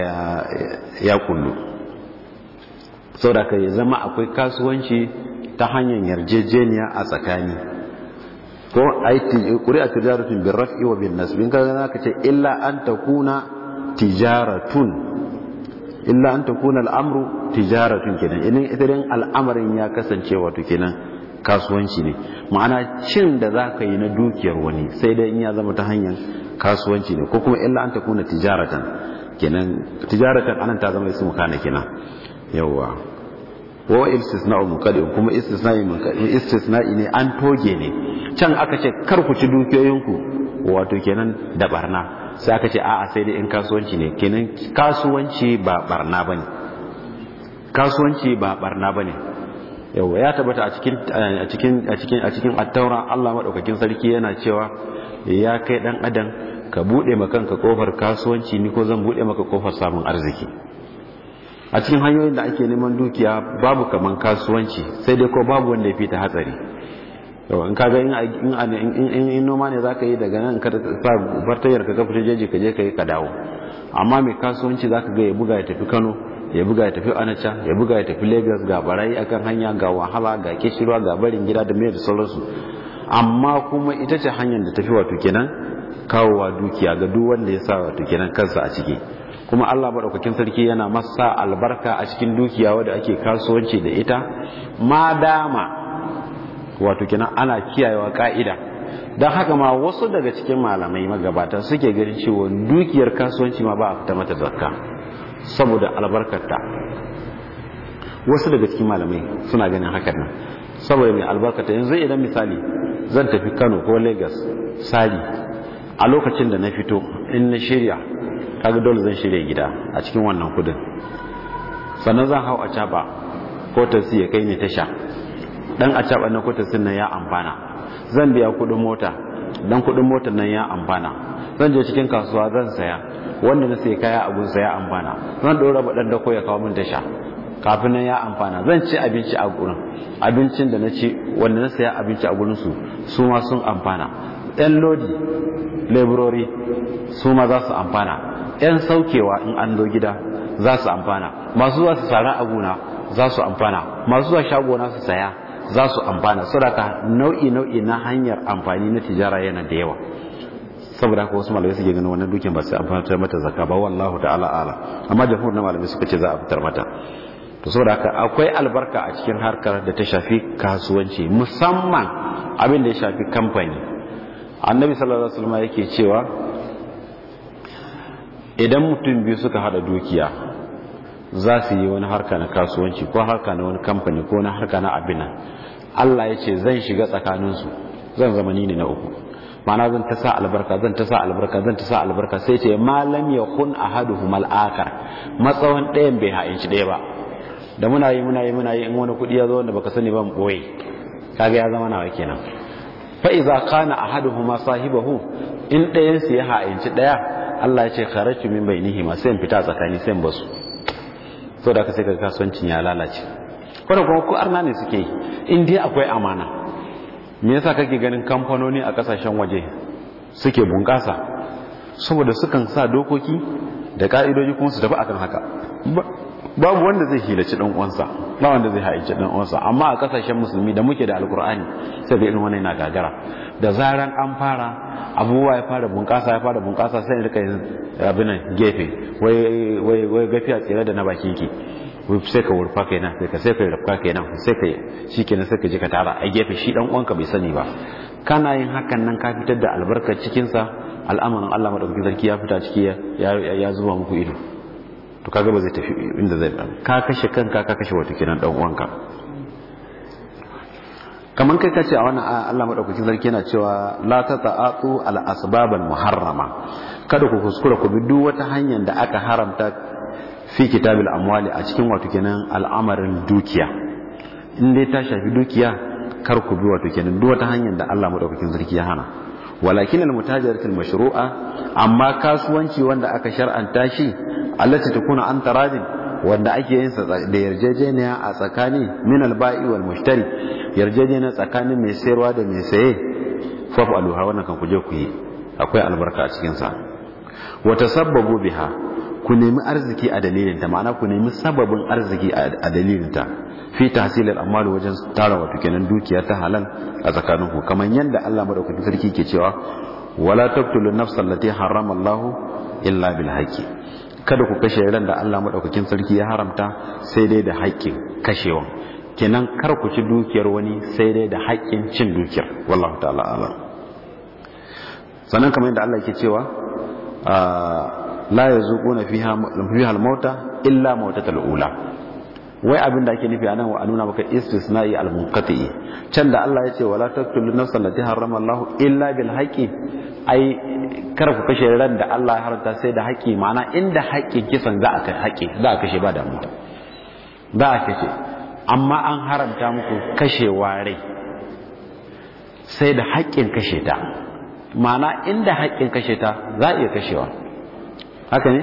ya kullu saboda ka ya zama akwai kasuwanci ta hanyar yarjejeniya a tsakani ko aiti a tijaratun bin raf'i wa bin nasbi in kaga ka ce illa an takuna tijaratun illa an takuna al'amru tijaratun kenan idan idan al'amarin ya kasance wato kenan kasuwanci ne ma'ana cin da za ka yi na dukiyar wani sai dai in ya zama ta hanyar kasuwanci ne ko kuma illa an takuna tijaratan kenan kan anan ta zama ismu kana kenan yawwa wa istisna'u muqaddim kuma istisna'i istisna'i ne an toge ne can aka ce kar ku ci dukiyoyinku wato kenan da barna sai aka ce a'a sai dai in kasuwanci ne kenan kasuwanci ba barna bane kasuwanci ba barna bane yawa ya tabbata a cikin a cikin a cikin a cikin at-taura Allah madaukakin sarki yana cewa ya kai dan adam ka buɗe ma kanka kofar kasuwanci ni ko zan buɗe maka kofar samun arziki a cikin hanyoyin da ake neman dukiya babu kaman kasuwanci sai dai ko babu wanda ya fi ta hatsari in ka ga in noma ne za ka yi daga nan ka sa bartayyar ka kafa jeji ka je ka yi ka dawo amma mai kasuwanci za ka ga ya buga ya tafi kano ya buga ya tafi anacha ya buga ya tafi lagos ga barayi akan hanya ga wahala ga kishirwa ga barin gida da mai da sauransu amma kuma ita ce hanyar da tafi wato kenan kawowa dukiya ga duk wanda ya sa wato kenan kansa a ciki kuma Allah maɗaukakin sarki yana masa albarka a cikin dukiya wadda ake kasuwanci da ita ma dama wato kenan ana kiyayewa ka'ida don haka ma wasu daga cikin malamai magabata suke ganin cewa dukiyar kasuwanci ma ba a fita mata zakka saboda ta wasu daga cikin malamai suna ganin hakan nan saboda mai albarkata yanzu idan misali zan tafi kano ko lagos Sali. a lokacin da na fito in na shirya kaga dole zan shirya gida a cikin wannan kudin sannan zan hau a caba ko tasi ya kai ni tasha dan a caba na kotasin nan ya amfana zan biya kudin mota dan kudin motar nan ya amfana zan je cikin kasuwa zan saya wanda na sai kaya abun ya amfana zan dora ba dan dako ya kawo min tasha kafin nan ya amfana zan ci abinci a gurin abincin da na ci wanda na saya abinci a gurin su su ma sun amfana ɗan lodi laborori su ma za su amfana yan saukewa in an zo gida za su amfana masu zuwa su sara aguna za su amfana masu zuwa shagona su saya za su amfana saboda nau'i nau'i na hanyar amfani na tijara yana da yawa saboda haka wasu malamai suke ganin wannan dukiyar ba su amfana ta mata zakka ba wallahu ta'ala ala amma jamhur na malamai suka ce za a fitar mata to saboda haka akwai albarka a cikin harkar da ta shafi kasuwanci musamman abin da ya shafi kamfani annabi sallallahu alaihi wasallam yake cewa idan mutum biyu suka hada dukiya za su yi wani harka na kasuwanci ko harka na wani kamfani ko na harka na abin nan Allah ya ce zan shiga tsakaninsu zan zama ni ne na uku ma'ana zan ta sa albarka zan ta sa albarka zan ta sa albarka sai ce malam ya kun ahaduhum al-akhar matsawan ɗayan bai ha'inci ɗaya ba da muna yi muna yi muna yi in wani kuɗi ya zo wanda baka sani ban mu ɓoye kaga ya zama nawa kenan fa idza kana ahaduhuma sahibahu in ɗayan su ya ha'inci ɗaya Allah ya ce kharaju min ma sai in fita tsakani sai in basu so da ka sai ka kasuwancin ya lalace kuma kuma ko arna ne suke yi in dai akwai amana me yasa kake ganin kamfanoni a kasashen waje suke bunƙasa saboda sukan sa dokoki da ka'idoji kuma su tafi akan haka babu wanda zai hilaci dan uwansa ba wanda zai haici dan uwansa amma a kasashen musulmi da muke da alkur'ani sai da irin wannan yana gagara da zaran an fara abubuwa ya fara bunƙasa ya fara bunƙasa sai rika yin abin gefe wai wai wai a tsira da na bakin ki sai ka wurfa kenan sai ka sai ka kenan sai ka shikenan sai ka je ka tara a gefe shi dan uwanka bai sani ba kana yin hakan nan ka fitar da albarkar cikinsa al'amarin Allah madaukakin sarki ya fita ciki ya ya zuba muku ido to kaga ba zai tafi inda zai dan ka kashe kanka ka kashe wato kenan dan uwanka kaman kai kace a wannan a Allah madaukakin sarki yana cewa la tata'atu al asbab al muharrama kada ku kuskura ku bi duk wata hanyar da aka haramta fi kitabil amwali a cikin wato kenan al'amarin dukiya in dai ta shafi dukiya kar ku bi wato kenan duk wata hanyar da Allah madaukakin sarki ya hana walakin al mutajaratu mashru'a amma kasuwanci wanda aka shar'anta shi allati takuna an taradin wanda ake yin sa da yarjejeniya a tsakani min alba'i wal mushtari yarjejeniya tsakanin mai sayarwa da mai saye faf aluha wannan kan kuje ku yi akwai albarka a cikin sa wa tasabbabu biha ku nemi arziki a dalilin ta ma'ana ku nemi sababin arziki a dalilin ta fi tahsilil amwal wajen tara wato kenan dukiya ta halal a tsakanin ku kamar yanda Allah madaukakin sarki ke cewa wala taqtulun nafsal lati harrama illa bil haqqi kada ku kashe ran da Allah madaukakin sarki ya haramta sai dai da haƙƙin kashewa kenan kar ku ci dukiyar wani sai dai da haƙƙin cin dukiyar wallahu ta'ala ala sannan kamar yadda Allah yake cewa ah, la yazuquna fiha fiha al-mauta illa mautatul ula wai abin da ake nufi a nan wa nuna maka istisna'i al-munqati can da Allah ya ce wala taqtulu nafsan allati harrama Allah illa bil haqqi ai kar ku kashe ran da Allah ya haramta sai da haqqi ma'ana inda haqqi kisan za a kai haqqi za a kashe ba damuwa za a kashe amma an haramta muku kashe ware sai da haƙƙin kashe ta ma'ana inda haƙƙin kashe ta za a iya kashewa haka ne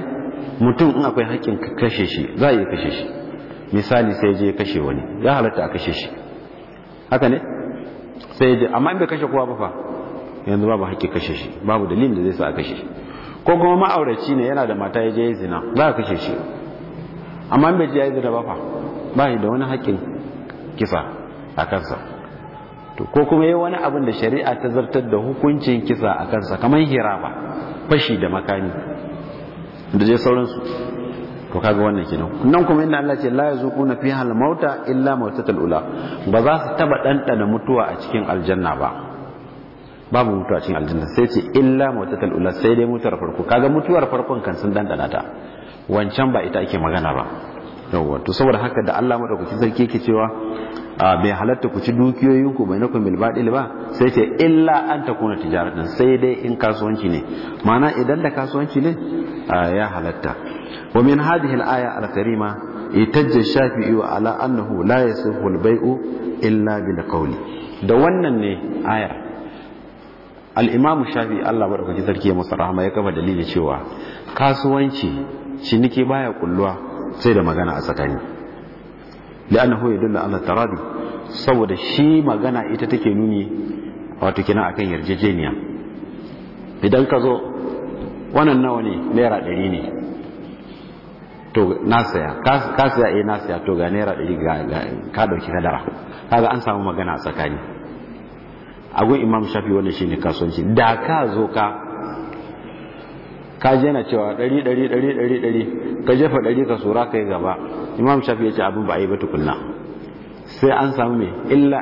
mutum in akwai haƙƙin kashe shi za a iya kashe shi misali sai je kashe wani ya halatta a kashe shi haka ne sai je amma in bai kashe kowa ba fa yanzu babu hakki kashe shi babu dalilin da zai sa a kashe shi ko kuma ma'auraci ne yana da mata ya je zina za a kashe shi amma in bai je zina ba fa ba shi da wani hakkin kisa a kansa to ko kuma yi wani abin da shari'a ta zartar da hukuncin kisa a kansa kamar ba fashi da makani da je sauransu to kaga wannan kenan nan kuma inna Allah ce la yazuquna fiha al-mauta illa mautatul ula ba za su taba dandana mutuwa a cikin aljanna ba babu mutuwa cikin aljanna sai ce illa mautatul ula sai dai mutuwar farko kaga mutuwar farkon kan sun dandana ta wancan ba ita ake magana ba yawwa to saboda haka da Allah madaukakin sarki yake cewa A bai halatta ku ci dukiyoyin ku bai nakum bil batil ba sai ce illa an ta tijara tijaratan sai dai in kasuwanci ne mana idan da kasuwanci ne ya halatta wa min hadhihi aya al-karima itajja shafi'i wa ala annahu la yasihu al-bai'u illa bil da wannan ne ayar al-imam shafi'i Allah madaukaki sarki ya masa rahama ya kafa dalili cewa kasuwanci ciniki baya kulluwa sai da magana a tsakani hoye يدل Allah tarabi saboda shi magana ita take nuni wato kina akan yarjejeniya idan ka zo wannan nawa ne naira 100 ne to na saya ka saya eh na saya to ga naira 100 ka ɗauki kadara kaga an samu magana a tsakani a gun imam shafi wannan shine kasuwanci da ka zo ka ka je na cewa ɗari ɗari ɗari ɗari ɗari ka jefa ɗari ka sura ka yi gaba imam shafi ya ce abin ba a yi ba tukunna sai an samu me illa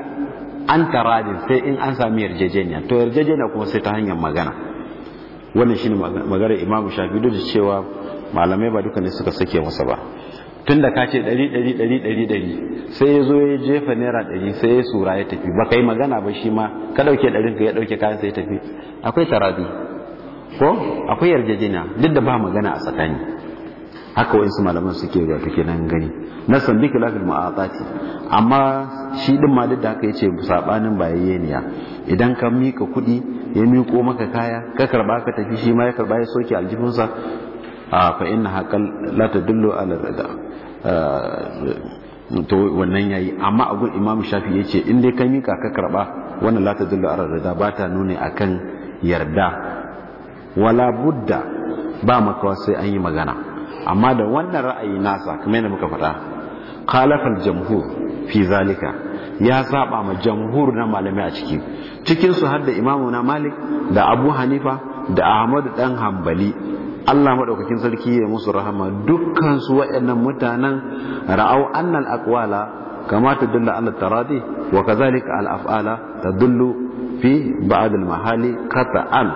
an taradin sai in an samu yarjejeniya to yarjejeniya kuma sai ta hanyar magana wannan shine maganar imam shafi duk da cewa malamai ba duka ne suka sake masa ba tun da ka ce ɗari ɗari ɗari ɗari ɗari sai ya zo ya jefa naira ɗari sai ya sura ya tafi ba ka yi magana ba shi ma ka ɗauke ɗarin ka ya ɗauke kayan sai ya tafi akwai taradi ko akwai yarjejeniya duk da ba magana a tsakani haka wa'insu malaman suke ga kake nan gani na sandi kilafin ma'aƙati amma shi din ma duk da haka yace sabanin idan ka mika kuɗi ya miko maka kaya ka karba ka tafi shi ma ya karba ya soke aljihunsa a fa inna haqqal la tadullu ala rida to wannan yayi amma abun imam shafi yace in dai ka mika ka karba wannan la tadullu ala rida ba ta nuni akan yarda wala budda ba makawa sai an yi magana amma da wannan ra'ayi nasa kamar yadda muka faɗa khalafal jamhur fi zalika ya saba ma jamhur na malami a ciki cikin su har da imamu na malik da abu hanifa da ahmadu dan hambali Allah madaukakin sarki ya musu rahama dukkan su waɗannan mutanen ra'au annal aqwala kama tadullu ala taradi wa kadhalika al af'ala tadullu fi ba'd al mahali qat'an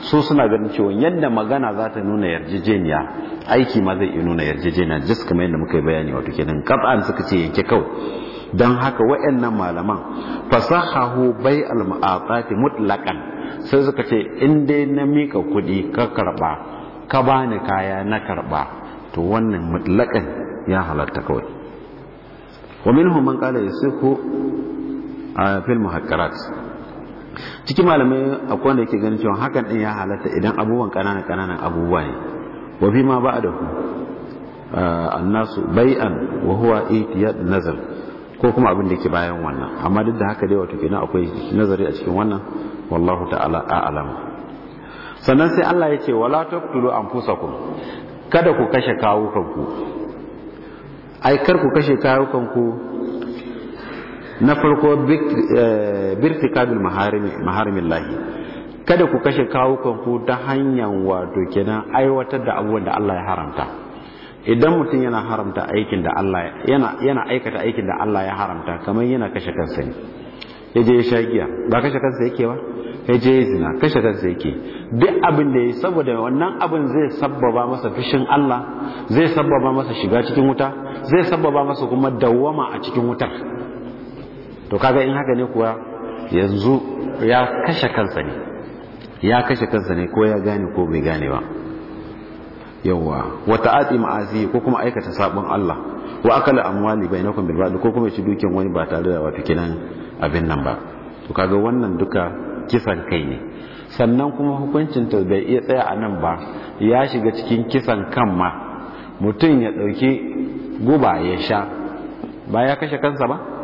su suna ganin cewa yadda magana za ta nuna yarjejeniya aiki ma zai iya nuna yarjejeniya jis kamar yadda muka yi bayani wato kenan kaf'an suka ce yanke kau don haka wa'annan malaman fasahahu bai al-mu'aqati mutlaqan sai suka ce in dai na mika kuɗi ka karɓa ka bani kaya na karɓa to wannan mutlaqan ya halatta kawai wa minhum man qala yasihu fil muhaqqarat cikin malamai akwai wanda yake ganin cewa hakan din ya halatta idan abubuwan kanana kanana abubuwa ne wa fi ma ba'dahu eh, annasu bai'an wa huwa itiyad nazar ko kuma abin da yake bayan wannan amma duk da haka dai wato kenan akwai nazari a cikin wannan wallahu ta'ala a'lam sannan sai Allah ya ce wala taqtulu anfusakum kada ku kashe kawukanku ai kar ku kashe kawukanku na farko eh, birtikadul maharimin lahi kada ku kashe kawukan ku ta hanyar wato kenan aiwatar da abubuwan da Allah ya haramta idan mutum yana haramta aikin da Allah yana yana aikata aikin da Allah ya haramta kamar yana kashe kansa ne ya je ya shagiya ba kashe kansa yake ba ya je ya zina kashe kansa yake duk abin da ya saboda wannan abin zai sabbaba masa fushin Allah zai sabbaba masa shiga cikin wuta zai sabbaba masa kuma dawwama a cikin wutar to kaga in haka ne kuwa yanzu ya kashe kansa ne ya kashe kansa ne ko ya gane ko bai gane ba yawa wa ta'ati ma'azi ko kuma aikata sabon Allah wa akala amwali bainakum bil ba'd ko kuma ci dukin wani ba tare da wato kinan abin nan ba to kaga wannan duka kisan kai ne sannan kuma hukuncin ta bai iya tsaya a nan ba ya shiga cikin kisan kan ma mutum ya dauki guba ya sha ba ya kashe kansa ba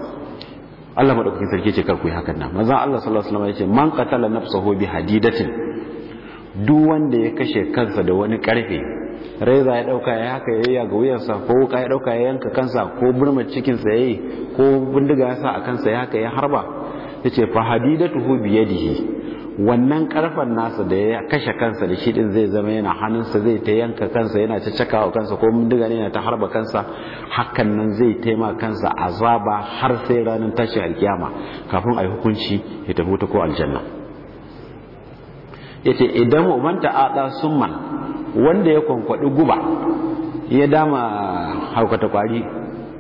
Allah madaukakin sarki ce kar ku yi hakan nan manzon Allah sallallahu alaihi wasallam ya ce man qatala nafsahu bi hadidatin duk wanda ya kashe kansa da wani karfe reza ya dauka ya haka yayya ga wuyansa ko wuka ya dauka ya yanka kansa ko burma cikin sa yayi ko bindiga ya sa a kansa ya haka ya harba yace fa hadidatuhu bi yadihi wannan karfan nasa da ya kashe kansa da shi din zai zama yana hannunsa zai ta yanka kansa yana wa kansa ko mundiga ne yana ta harba kansa hakan nan zai taima kansa azaba har sai ranar tashi alkiyama kafin a yi hukunci ya tafi ta ko aljanna yace idan man ada summan wanda ya kwankwadi guba ya dama haukata kwari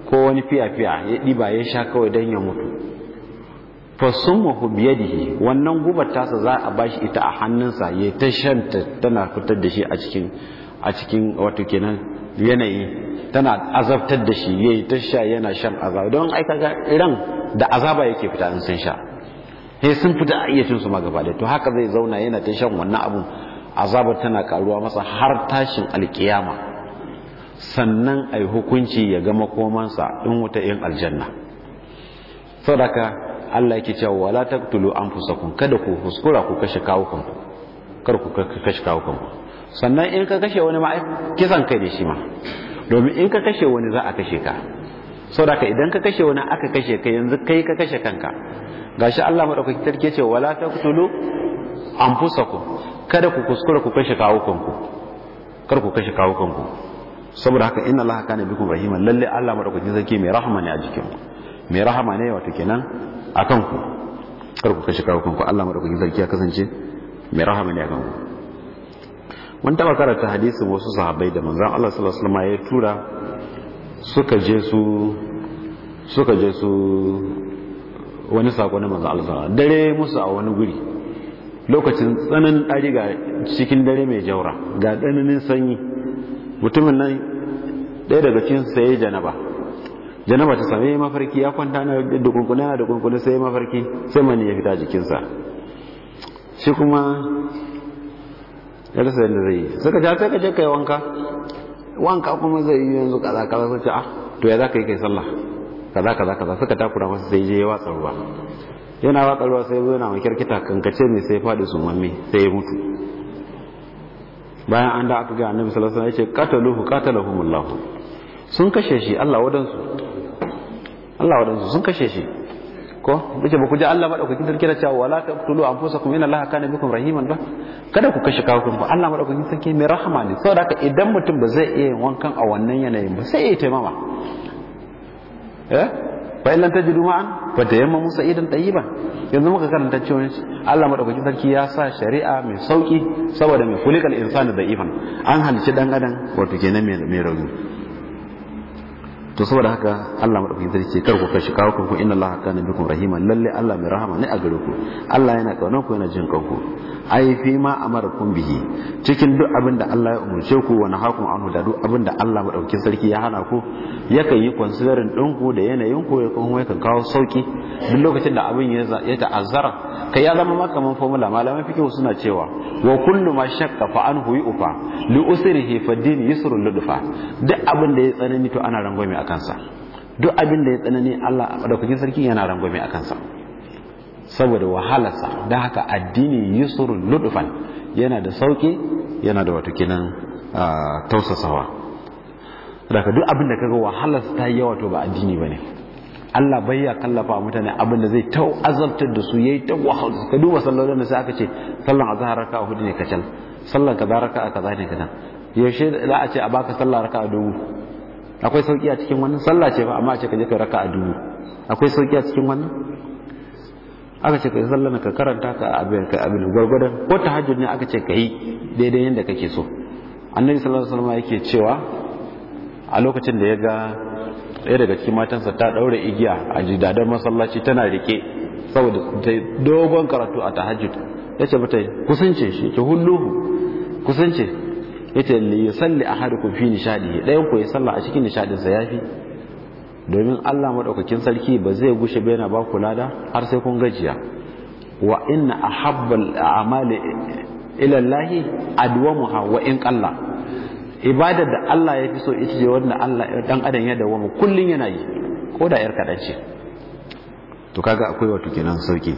ko wani fiya fiya ya diba ya sha kawai dan ya mutu fasumahu biyadihi wannan gubar tasa za a bashi ita a hannunsa ya ta shanta tana fitar da shi a cikin a cikin wato kenan yanayi tana azabtar da shi ya ta sha yana shan azaba don ai kaga ran da azaba yake fita in sun sha sai sun fita a iya cin su ma gaba da to haka zai zauna yana ta shan wannan abun azaba tana karuwa masa har tashin alkiyama sannan ai hukunci ya ga makomansa in wuta in aljanna sadaka Allah yake cewa wala taqtulu anfusakum kada ku kuskura ku kashe kawukan ku kar ku kashe kawukan ku sannan in ka kashe wani ma kisan kai ne shi ma domin in ka kashe wani za a kashe ka saboda ka idan ka kashe wani aka kashe ka yanzu kai ka kashe kanka gashi Allah madaukaki tarke ce wala taqtulu anfusakum kada ku kuskura ku kashe kawukan ku kar ku kashe kawukan ku saboda haka inna Allah kana bikum rahiman lalle Allah madaukaki ke mai rahama ne a jikin mai rahama ne wato kenan a kanku karku ku kashe kawo kanku Allah madaukakin zarki ya kasance mai rahama ne a kanku Wani taba karanta hadisin wasu sahabbai da manzan Allah sallallahu alaihi wasallam ya tura suka je su suka je su wani sako na manzan Allah sallallahu dare musu a wani guri lokacin tsanan ɗari ga cikin dare mai jaura ga tsananin sanyi mutumin nan ɗaya daga cikin sai janaba janaba ta same mafarki ya kwanta na da kunkuna na da kunkuna sai mafarki sai mani ya fita jikinsa shi kuma yadda sai da zai yi suka ja sai ka je kai wanka wanka kuma zai yi yanzu kaza kaza sai ce ah to ya ka yi kai sallah kaza kaza kaza suka takura masa sai je ya watsa ruwa yana watsa ruwa sai yana mai kirkita kankace ne sai faɗi mamme sai ya mutu bayan an da aka ga annabi sallallahu alaihi wasallam ya ce qataluhu qatalahumullah sun kashe shi Allah wadansu Allah waɗansu sun kashe shi ko bace ba ku ji Allah madaukakin sarki da cewa wala taqtulu anfusakum inna Allaha kana bikum rahiman ba kada ku kashe kawukan ba Allah madaukakin sarki mai rahama ne saboda haka idan mutum ba zai iya wankan a wannan yanayin ba sai ya taimama eh ba illan tajidu ma'an fa tayammamu sa'idan ba yanzu muka karanta cewa Allah madaukakin sarki ya sa shari'a mai sauki saboda mai kulikal insani da ifan an halice dan adam wato kenan mai rauni to saboda haka Allah madaukakin sarki ce kar ku kashi kawo kanku inna Allah kana bikum rahima lalle Allah mai rahama ne a gare ku Allah yana kaunar ku yana jin kanku ai fi ma amarakum bihi cikin duk abin da Allah ya umurce ku wa nahakum anhu da duk abin da Allah madaukakin sarki ya hana ku yakan yi considering din ku da yanayin ku ya kuma yakan kawo sauki duk lokacin da abin ya ta'azzara kai ya zama maka kaman formula malaman fikihu suna cewa wa kullu ma shakka fa anhu yu'fa li usrihi fa din yusrul ludfa duk abin da ya tsanani to ana rangwame a kansa duk abin da ya tsanani Allah madaukakin sarki yana rangwame a kansa saboda wahalarsa da haka addini yusrun ludufan yana da sauƙi yana da wato kinan tausasawa daga duk abin da kaga wahalarsa ta yi yawa to ba addini bane Allah bai ya kallafa mutane abin da zai tau azabtar da su yayi ta wahalarsa ka duba sallolin da sai aka ce sallan azhar raka hudu ne kacal sallan kaza raka kaza ne kaza yaushe za a ce a baka sallah raka dubu akwai sauki a cikin wannan sallah ce ba amma a ce ka je ka raka a dubu akwai sauki a cikin wannan aka ce ka yi sallah ka karanta ka abin ka abin gwargwadon ko tahajjud ne aka ce ka yi daidai yadda kake so annabi sallallahu alaihi wasallam yake cewa a lokacin da ya ga ɗaya daga cikin matansa ta ɗaure igiya a jidadar masallaci tana rike saboda ta dogon karatu a tahajjud ya ce mata kusance shi ki hulluhu kusance yace li yusalli ahadukum fi nishadihi dayan ku ya salla a cikin nishadin sa yafi domin Allah madaukakin sarki ba zai gushe ba yana ba ku lada har sai kun gajiya wa inna ahabbal a'mali ila Allah adwamuha wa in qalla ibadar da Allah ya fi so ita ce wanda Allah dan adam ya dawama kullun yana yi ko da yar kadan ce to kaga akwai wato kenan sauki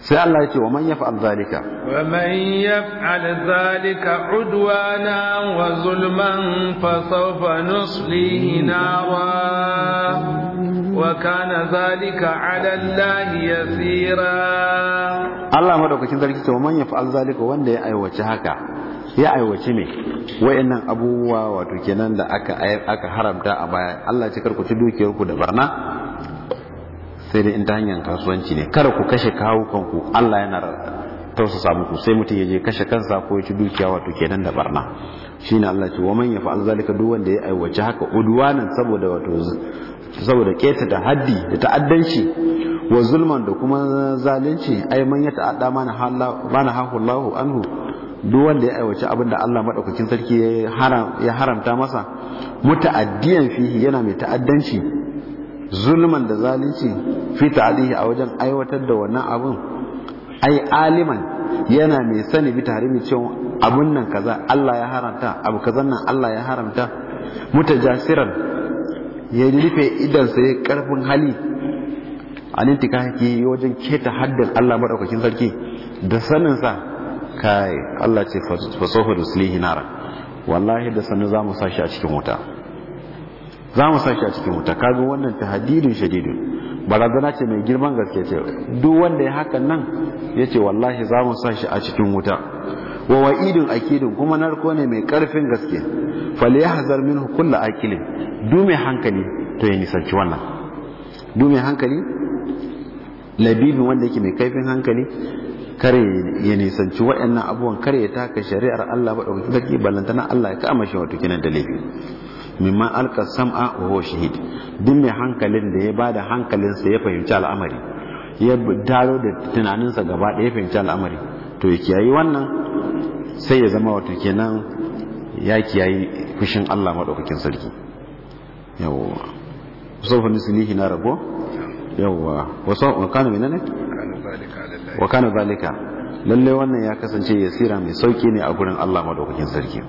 sai Allah ya ce wa man yaf'al zalika wa man yaf'al zalika udwana wa zulman fa sawfa nuslihi nara wa kana zalika ala Allah yasira Allah madaukakin sarki ce wa man yaf'al zalika wanda ya aiwaci haka ya aiwaci ne wayannan abubuwa wato kenan da aka aka haramta a baya Allah ya ce karku ci dukiyar ku da barna sai dai in ta hanyar kasuwanci ne kada ku kashe kawukanku Allah yana tausasa muku sai mutum ya je kashe kansa ko ya ci dukiya wato kenan da barna shine Allah ce wa man yafa'al zalika duk wanda ya aiwace haka udwanan saboda wato saboda keta da haddi da ta'addanci wa zulman da kuma zalunci ai man ya ta'adda mana mana hakullahu anhu duk wanda ya aiwace abin da Allah madaukakin sarki ya haramta masa muta'addiyan fihi yana mai ta'addanci zulman da zalunci fi ta'alihi a wajen aiwatar da wannan abun ai aliman yana mai sani bi mai cewa abun nan kaza Allah ya haramta abu kaza nan Allah ya haramta mutajasiran ya rufe sa ya karfin hali intika yake wajen keta haddin Allah madaukakin sarki da saninsa kai Allah ce fasahu ruslihi nara wallahi da sanin zamu mu sashi a cikin wuta za mu sa a cikin wuta kaga wannan ta hadidun shadidun barazana ce mai girman gaske ce duk wanda ya hakan nan ya ce wallahi za mu sa shi a cikin wuta wa wa'idun akidun kuma narko ne mai karfin gaske ya falyahzar min kullu akilin du mai hankali to ya nisanci wannan du mai hankali labibin wanda yake mai kaifin hankali kare ya nisanci waɗannan abubuwan kare ya taka shari'ar Allah ba ɗauki kuke ballantana Allah ya kama shi wato kinan da laifi mimma alqa sam'a wa huwa shahid duk mai hankalin da ya bada hankalinsa ya fahimci al'amari ya daro da tunaninsa gaba ɗaya ya fahimci al'amari to ya kiyayi wannan sai ya zama wato kenan ya kiyayi fushin Allah madaukakin sarki yawwa sofa nislihi na rago yawwa wa kana menene wa kana zalika lalle wannan ya kasance yasira mai sauki ne a gurin Allah madaukakin sarki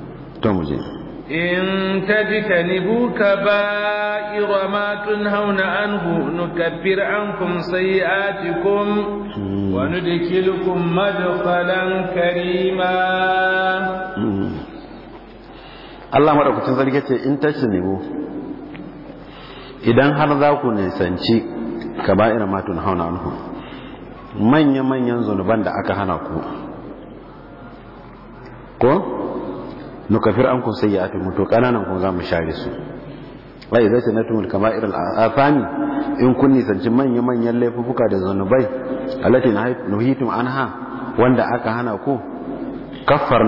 to mu je إن تجتنبوا كبائر ما تنهون عنه نكفر عنكم سيئاتكم وندخلكم مدخلا كريما Allah madaukakin sarki ce in tashi nebo idan har za ku nisanci kaba'ir matun hauna anhu manya-manyan zunuban da aka hana ku nukafir an kun sai ya fi mutu kananan kun za mu share su wai zai ce natumul kama'ir al'afani in kun nisanci manya manyan laifuka da zanubai allati nuhitum anha wanda aka hana ku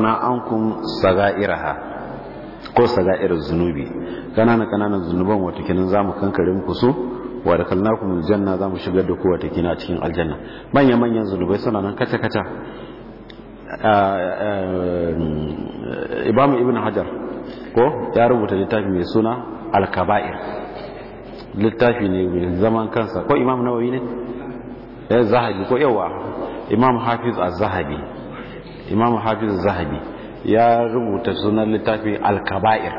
na an kun sagairaha ko sagairar zunubi kananan kananan zunuban wata kenan za mu kankare muku su wa da kalnakum aljanna za mu shigar da ku wato kina cikin aljanna manya manyan zunubai suna nan kaca kaca imamu ibn hajar ko ya rubuta littafi mai suna al-kaba'ir littafi ne mai zaman kansa ko imam nawawi ne ya zahabi ko yawa imam hafiz az-zahabi imam hafiz az-zahabi ya rubuta sunan littafi al-kaba'ir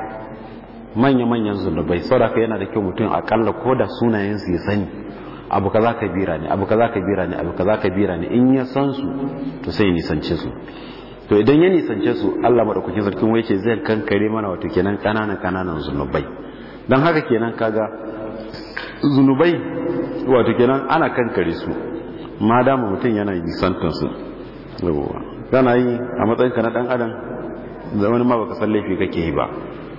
manya-manyan zunubai saboda yana da kyau mutum akalla ko da sunayen su ya sani abu kaza kabira ne abu kaza kabira ne abu kaza kabira ne in ya san su to sai ni nisance su to idan ya nisance su Allah madaukakin sarkin wai ce zai kankare mana wato kenan kananan kananan zunubai dan haka kenan kaga zunubai wato kenan ana kankare su ma dama mutum yana nisantar su yawwa kana yi a matsayinka na dan adam da wani ma baka san laifi kake yi ba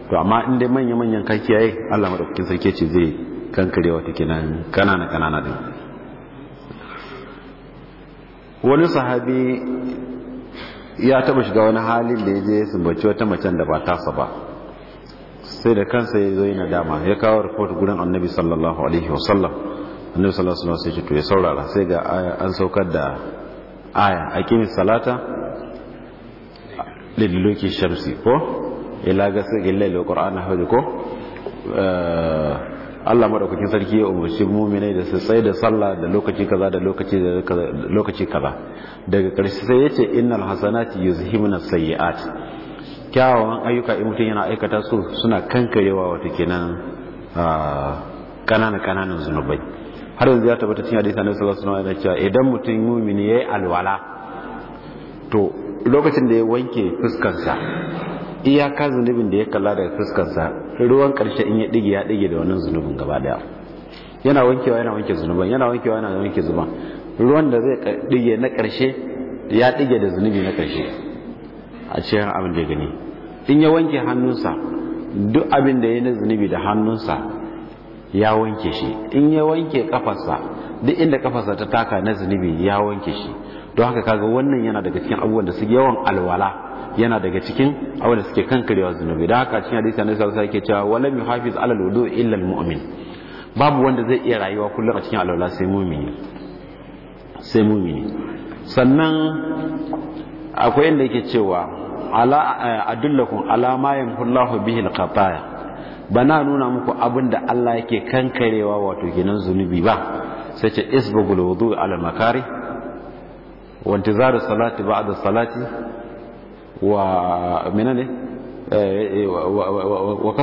to amma in dai manya manyan ka kiyaye Allah madaukakin sarki ce zai kankarewa take nan kanana kanana din wani sahabi ya taba shiga wani halin da ya je ya sumbaci wata macen da ba tasa ba sai da kansa ya zo yana dama ya kawo rikot gudan annabi sallallahu alaihi wasallam annabi sallallahu alaihi wasallam sai ya to ya saurara sai ga an saukar da aya aqimis salata liduluki shamsi ko ila ga sai illa alqur'ana hajji ko eh, Allah madaukakin sarki ya umarci mu'minai da su tsaye da sallah da lokaci kaza da lokaci da lokaci kaza daga ƙarshe sai yace innal hasanati yuzhimuna sayiat kyawawan ayyuka in mutum yana aikata su suna kankarewa wata kenan kananan kananan zunubai har yanzu ya tabbata cikin hadisi annabi sallallahu alaihi wasallam cewa idan mutum mu'mini yayi alwala to lokacin da ya wanke fuskar sa iyaka zunubin da ya kalla daga fuskarsa ruwan karshe in ya dige ya dige da wannan zunubin gaba daya yana wankewa yana wanke zunuban yana wankewa yana wanke zunuban ruwan da zai dige na karshe ya dige da zunubi na karshe a cikin abin da ya gani in ya wanke hannunsa duk abin da ya na zunubi da hannunsa ya wanke shi in ya wanke kafarsa duk inda kafarsa ta taka na zunubi ya wanke shi don haka kaga wannan yana daga cikin abubuwan da su yawan alwala yana daga cikin abin suke kankarewa zunubi da haka cikin hadisi annabi sallallahu alaihi wasallam yake cewa walam yuhafiz alal wudu illa al babu wanda zai iya rayuwa kullum a cikin alwala sai mumini sai mumini sannan akwai inda yake cewa ala eh, adullakum ala ma yamhullahu bihi al bana nuna muku abin da Allah yake kankarewa wato kenan zunubi ba sai ce isbugul wudu ala makari wa intizaru salati ba'da salati wa menene eh, eh, wa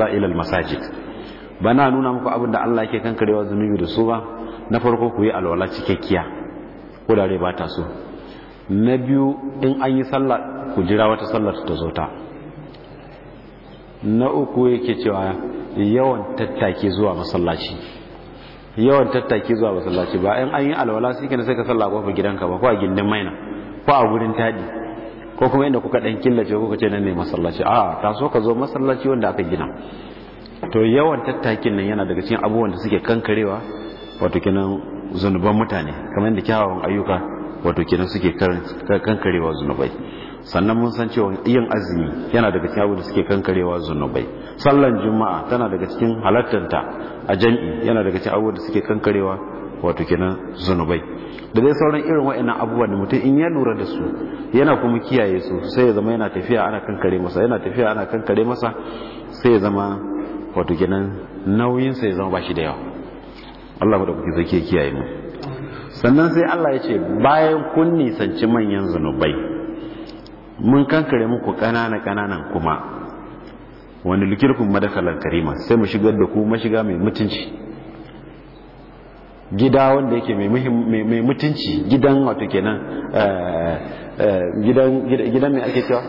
الى المساجد بنا masajid bana nuna ده abin da Allah yake kankarewa zunubi da su ba na farko ku yi سو نبيو ko da rai كجرا so na biyu in an yi تشوا ku jira wata sallar cewa yawan tattaki zuwa masallaci yawan tattaki zuwa masallaci ba in an yi alwala sai kana sai ka sallah kofar gidanka ba ko a gindin maina ko a gurin tadi ko kuma inda kuka dan killace kuka ce nan ne masallaci a ta so ka zo masallaci wanda aka gina to yawan tattakin nan yana daga cikin abubuwan da suke kankarewa wato kenan zunuban mutane kamar yadda kyawawan ayyuka wato kenan suke kankarewa zunubai sannan mun san cewa yin azumi yana daga cikin abubuwan da suke kankarewa zunubai sallan juma'a tana daga cikin halattanta a jami'i yana daga cikin abubuwan da suke kankarewa wato kenan zunubai da dai sauran irin wa'annan abubuwan da mutum in ya lura da su yana kuma kiyaye su sai ya zama yana tafiya ana kankare masa yana tafiya ana kankare masa sai ya zama wato kenan nauyin sai ya zama bashi da yawa Allah da kuke zake kiyaye mu sannan sai Allah ya ce bayan kun nisanci manyan zunubai mun kankare muku ƙanana ƙananan kuma wani likirkun madakalar karima sai mu shigar da ku mashiga mai mutunci gida wanda yake mai mutunci gidan wato kenan eh, eh, gidan mai ake cewa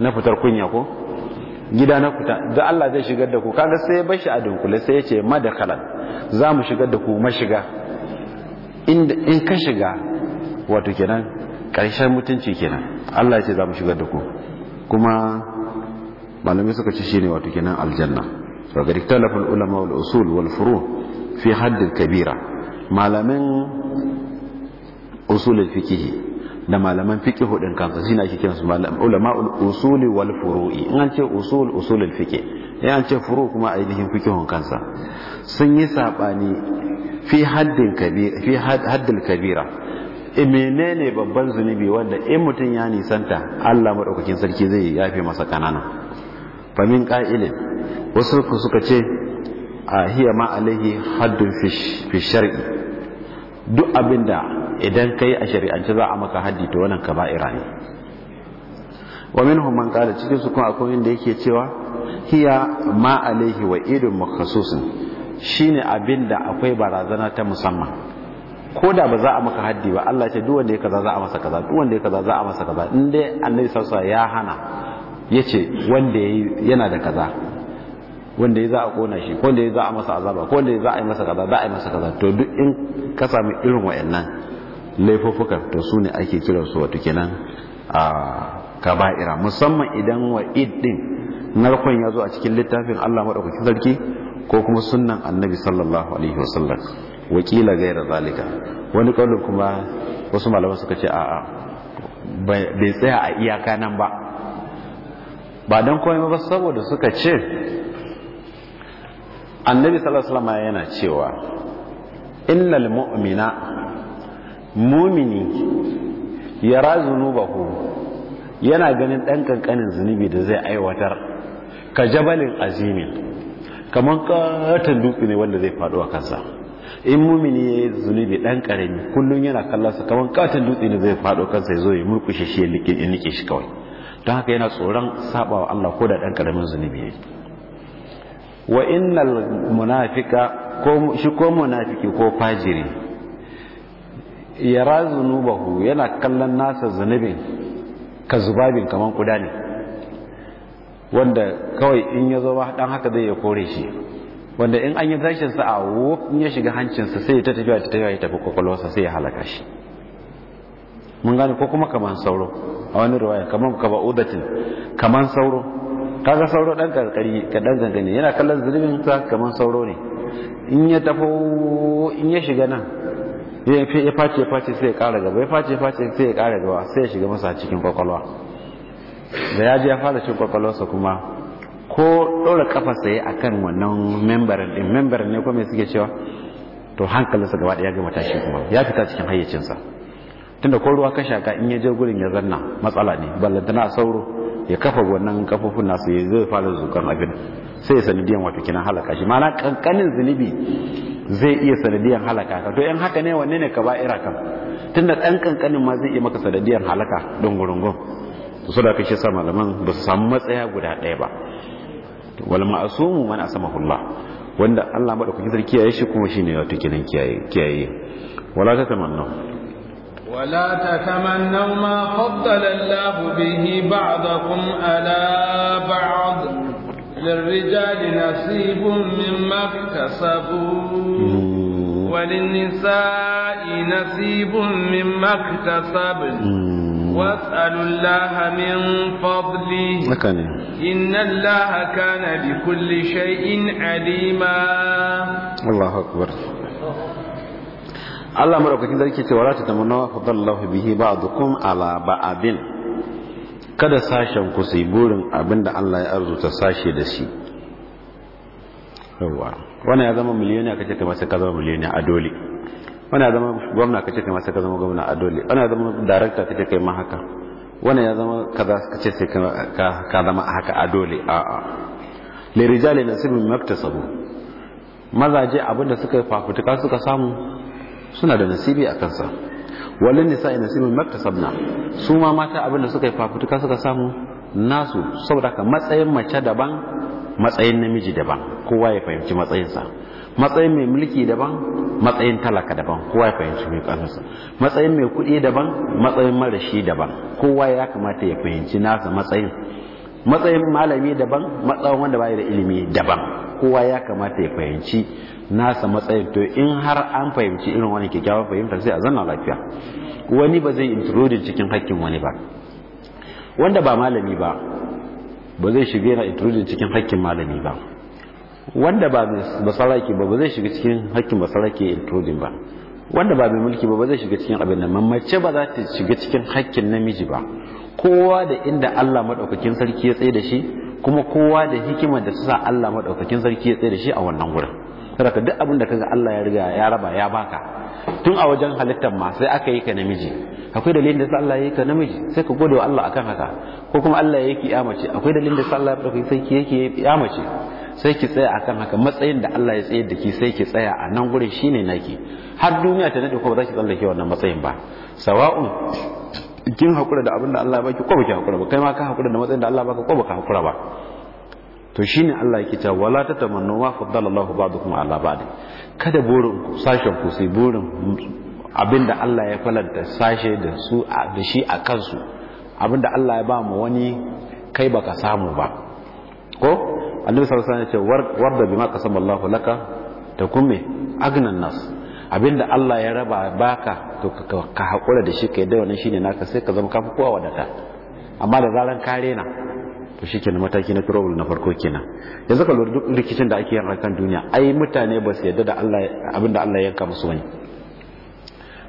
na fitar kunya ko gida na kuta da Allah zai shigar da ku kaga sai ya bashi a dunkule sai ya ce madakalan za mu shigar da ku mashiga in ka shiga wato kenan karshen mutunci kenan Allah ya ce za mu shigar da ku kuma malamai suka ce shine wato kenan aljanna wa ga ulama wal usul wal furu' fi haddin kabira malamin usulul fikihi da malaman fikihu din kansa shine ake kiransu ulama usuli wal furu'i in an ce usul usulul fiqh in an ce furu kuma ainihin fikihun kansa sun yi sabani fi haddin kabira fi haddil kabira menene babban zunubi wanda in mutun ya nisanta Allah madaukakin sarki zai yafe masa kanana famin qa'ilin wasu suka ce hiya ma alaihi haddun fi shari'i duk abinda idan yi a shari'ance za a maka haddi ta wannan kaba'ira ne wa minhum man qala cikin su kuma akwai inda yake cewa hiya ma alaihi wa idun makhsusin shine abinda akwai barazana ta musamman ko da ba za a maka haddi ba Allah ce duk wanda ya kaza za a masa kaza duk wanda ya kaza za a masa kaza in dai annabi sallallahu ya hana yace wanda yana da kaza wanda ya za a kona shi ko wanda ya za a masa azaba ko wanda ya za a yi masa kaza za a yi masa kaza to duk in ka sami irin wayannan laifofuka to su ne ake kiran su wato kenan a kaba'ira musamman idan wa din narkon ya zo a cikin littafin Allah madaukakin sarki ko kuma sunnan annabi sallallahu alaihi wasallam wakila gaira zalika wani kaulin kuma wasu malaman suka ce a'a bai tsaya a iyaka nan ba ba don komai ba saboda suka ce annabi sallallahu alaihi yana cewa innal mu'mina mumini yara zunubahu yana ganin ɗan kankanin zunubi da zai aiwatar ka jabalin azimin kamar katon dutse ne wanda zai faɗo a kansa in mumini ya yi zunubi ɗan ƙarami kullum yana sa kamar katon dutse ne zai faɗo kansa ya zo ya murkushe shi ya nike shi kawai don haka yana tsoron saɓawa Allah ko da ɗan ƙaramin zunubi ne wa innal munafika ko shi ko munafiki ko fajiri yara zunubahu yana kallon nasa zunubin ka zubabin kaman kuda ne wanda kawai in ya zo dan haka zai ya kore shi wanda in an yi tashin sa a wuf in ya shiga hancinsa sai ya ta tafiya ta tafiya ya tafi kwakwalwarsa sai ya halaka shi mun gane ko kuma kaman sauro a wani riwaya kaman kaba'udatin kaman sauro kaga sauro dan karkari ka dan gangane yana kallon zulubin sa kamar sauro ne in ya tafo in ya shiga nan ya face face sai ya kara gaba ya face face sai ya kara gaba sai ya shiga masa cikin kwakwalwa da ya ji ya fara cikin kwakwalwarsa kuma ko ɗora kafa saye a kan wannan membar ɗin membarin ne ko mai suke cewa to hankalinsa gaba ɗaya gama tashi kuma ya fita cikin hayyacinsa tunda ko ruwa ka shaka in ya je gurin ya zanna matsala ne ballantana a sauro ya kafa wannan kafofin nasu ya zai fara zukan abin sai ya sanadiyan wato kinan halaka shi mana kankanin zunubi zai iya sanadiyan halaka ka to yan haka ne wanne ne ka ba ira kan tunda dan kankanin ma zai iya maka sanadiyan halaka don gurungun to saboda kake sa malaman ba su samu matsaya guda ɗaya ba wal ma'sumu man asamahullah wanda Allah madaukakin sarki ya yi shi kuma shine wato kinan kiyaye kiyaye wala ta tamanna. ولا تتمنوا ما فضل الله به بعضكم على بعض للرجال نصيب مما اكتسبوا وللنساء نصيب مما اكتسبن واسألوا الله من فضله إن الله كان بكل شيء عليما الله أكبر Allah da cewa sarki ce wala tatamanna fadallahu bihi ba'dukum ala abin. kada sashen ku sai burin abinda Allah ya arzuta sashe da shi yawa wannan ya zama miliyoniya kace kamar sai ka zama miliyoni a dole wannan ya zama gwamna kace kamar sai ka zama gwamna a dole wannan ya zama director kace kai ma haka wannan ya zama kaza kace sai ka zama haka a dole a a lirijali nasibun maktasabu mazaje abinda suka fafutuka suka samu suna da nasibi a kansa walin nisa ina sibin maktasabna su ma mata abinda suka yi fafutuka suka samu nasu saboda ka matsayin mace daban matsayin namiji daban kowa ya fahimci matsayinsa matsayin mai mulki daban matsayin talaka daban kowa ya fahimci mai kansa matsayin mai kuɗi daban matsayin marashi daban kowa ya kamata ya fahimci nasa matsayin matsayin malami daban matsayin wanda baya da ilimi daban kowa ya kamata ya fahimci nasa matsayin to in har an fahimci irin wani kyakkyawar fahimta sai a zanna lafiya wani ba zai intrudin cikin hakkin wani ba wanda ba malami ba ba zai shiga yana intrudin cikin hakkin malami ba wanda ba masaraki ba ba zai shiga cikin hakkin masaraki intrudin ba wanda ba mai mulki ba ba zai shiga cikin abin nan mace ba za ta shiga cikin hakkin namiji ba kowa da inda Allah madaukakin sarki ya tsaye da shi kuma kowa da hikima da sa Allah madaukakin sarki ya tsaye da shi a wannan gurin saboda duk abin da kaga Allah ya riga ya raba ya baka tun a wajen halittar ma sai aka yi ka namiji akwai dalilin da Allah ya yi ka namiji sai ka gode wa Allah akan haka ko kuma Allah ya yi ki mace akwai dalilin da Allah ya dauki sai ki yake mace sai ki tsaya akan haka matsayin da Allah ya tsayar da ki sai ki tsaya a nan gurin shine naki har duniya ta nade ko ba za ki tsallake wannan matsayin ba sawa'un kin hakura da abin da Allah baki ko baki hakura ba kai ma ka hakura da matsayin da Allah baka ko baka hakura ba to shine Allah yake cewa wala tatamannu ma faddala Allah ba'dakum ala ba'd kada burin ku sashen ku sai burin abinda Allah ya falanta sashe da su da shi a kansu abinda Allah ya ba mu wani kai baka samu ba ko annabi sallallahu alaihi wasallam ya ce warda bima kasama Allah laka takum agnan nas abinda Allah ya raba baka to ka haƙura da shi ka yadda shi shine naka sai ka zama ka fi kowa wadata amma da zaran ka rena to na mataki na turobul na farko kenan yanzu ka lura duk rikicin da ake yin kan duniya ai mutane ba su yadda da Allah abinda Allah ya yanka musu wani.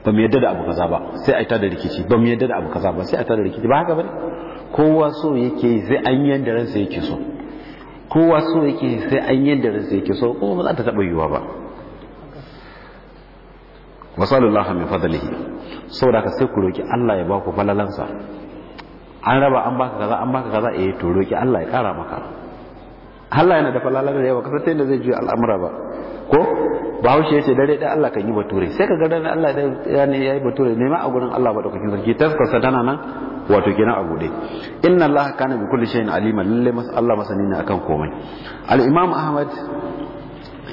ba mu yadda da abu kaza ba sai a da rikici ba mu yadda da abu kaza ba sai a da rikici ba haka ne? kowa so yake sai an yanda ransa yake so kowa so yake sai an yanda ransa yake so kuma ba za ta taba yiwuwa ba wasallallahu min fadlihi saboda ka sai ku roki Allah ya baku falalansa an raba an baka kaza an baka kaza eh to roki Allah ya kara maka Allah yana da falalar da yawa kasance da zai juya al'amura ba ko bahaushe ya ce dare dai Allah kan yi bature sai ka gada Allah ya ne ya yi bature nema a gurin Allah ba ɗaukakin sarki taskarsa tana nan wato kenan a buɗe inna Allah kana bi kulli shay'in alima lalle Allah masani ne akan komai al-imam Ahmad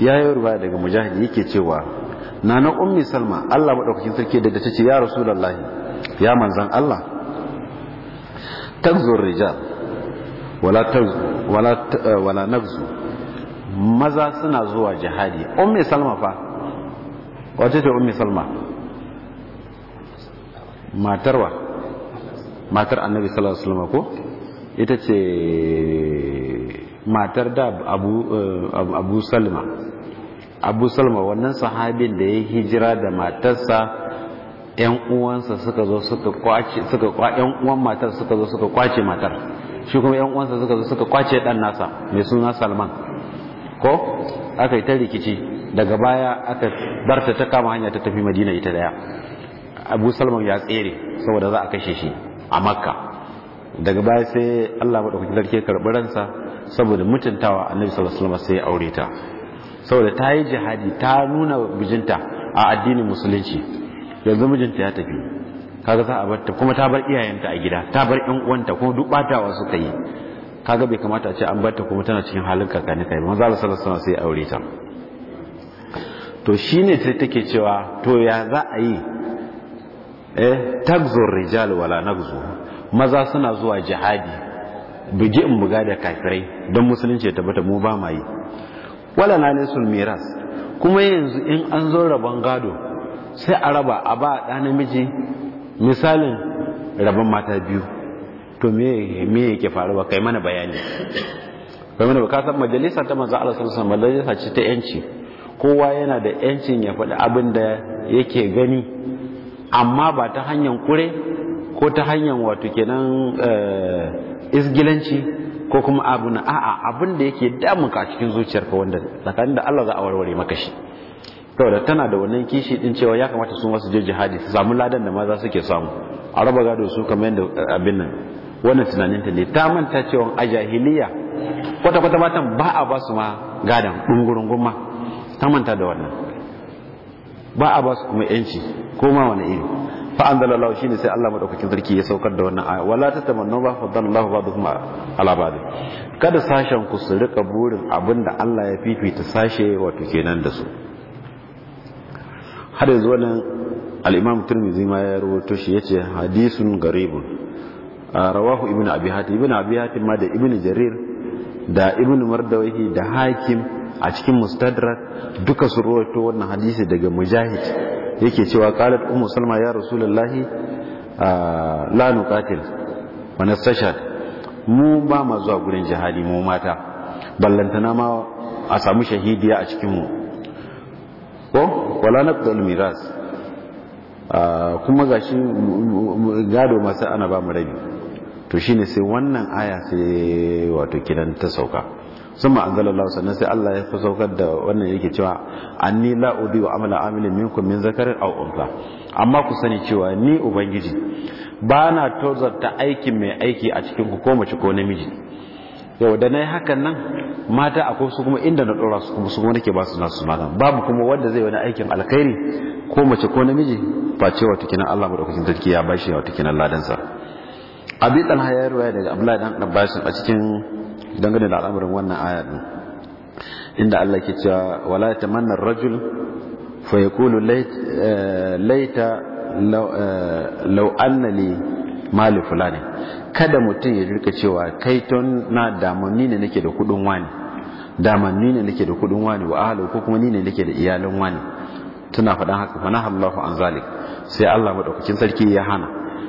ya yi ruwa daga mujahid yake cewa na na ummi salma Allah maɗaukakin sarki da ta ce ya rasulullahi ya manzan Allah tagzur rijal wala tagzu wala eh, wala nagzu maza suna zuwa jihadi ummi salma fa wace ce ummi salma matarwa matar annabi sallallahu alaihi wasallam ko ita ce matar da abu eh, abu salma abu salma wannan sahabin da ya hijira da matarsa yan uwansa suka zo suka kwace suka kwa yan uwan matar suka zo suka kwace matar shi kuma yan uwansa suka zo suka kwace dan nasa mai suna salman ko aka yi ta rikici daga baya aka barta ta kama hanya ta tafi madina ita daya abu salman ya tsere saboda za a kashe shi a makka daga baya sai allah madaukakin sarki ya karbi ransa saboda mutuntawa annabi sallallahu alaihi wasallam sai ya aure ta saboda ta yi jihadi ta nuna mijinta a addinin musulunci yanzu mijinta ya tafi kaga za a barta kuma ta bar iyayenta a gida ta bar yan uwanta kuma duk batawa suka yi kaga bai kamata a ce an barta kuma tana cikin halin kakani kai manzo Allah sallallahu alaihi sai aure ta to ne sai take cewa to ya za a yi eh tagzur rijal wala nagzu maza suna zuwa jihadi bugi in buga da kafirai don musulunci ya tabbata mu ba ma yi wala na nisul miras kuma yanzu in an zo rabon gado sai a raba a ba ɗa namiji misalin rabon mata biyu to me me yake faruwa kai mana bayani kai mana ba kasar majalisa ta manzo Allah sallallahu alaihi majalisa ce ta yanci kowa yana da yancin ya faɗi abin da yake gani amma ba ta hanyar kure ko ta hanyar wato kenan eh, isgilanci ko kuma abu na a'a abin da yake damunka a cikin zuciyarka wanda tsakanin da Allah za a warware maka shi da tana da wannan kishi din cewa ya kamata su masu je jihadi su samu ladan da maza suke samu a raba gado su kamar yadda eh, abin nan wannan tunanin ta ne ta manta cewa a jahiliya kwata kwata matan ba a ba su ma gadan dungurun gumma ta manta da wannan ba a ba su kuma yanci ko ma wani iri fa anzalallahu shine sai Allah madaukakin sarki ya saukar da wannan aya wala tatamannu ba faddallahu ba'dhum ala ba'd kada sashen ku su rika burin abinda Allah ya fifita sashe wato kenan da su har yanzu wannan al-Imam Tirmidhi ma ya rawaito shi yace hadisun garibun rawahu ibnu abi hatim ibnu abi hatim ma da ibnu jarir da ibnu mardawahi da hakim a cikin mustadrak duka su rawaito wannan hadisi daga mujahid yake cewa qalat ummu salma ya rasulullahi la nuqatil wa nastashad mu ba ma zuwa gurin jihadi mu mata ballantana ma a samu shahidiya a cikin mu ko wala naqdul miras kuma gashi gado masu ana ba mu rabi to shine sai wannan aya sai wato kidan ta sauka sun Allah sannan sai Allah ya saukar da wannan yake cewa anni la udi wa amala amilin minkum min zakarin aw unsa amma ku sani cewa ni ubangiji ba na tozarta aikin mai aiki a cikin ku ko mace ko namiji yau da na yi hakan nan mata a su kuma inda na ɗora su kuma su kuma nake ba su nasu mata babu kuma wanda zai wani aikin alkhairi ko mace ko namiji face wata kinan Allah madaukakin sarki ya bashi wata kinan ladansa abi ɗan hayar waya daga abdullahi dan abbasin a cikin dangane da al'amarin wannan aya din inda Allah ke cewa wala tamanna ar-rajul fa yaqulu laita eh, eh, law anna li mali fulani kada mutum ya rika cewa kai ton na damanni ne nake da kudin wani damanni ne nake da kudin wani wa ahlu ko kuma ni ne nake da iyalin wani tana faɗan haka fa Allahu an zalik sai Allah madaukakin sarki ya hana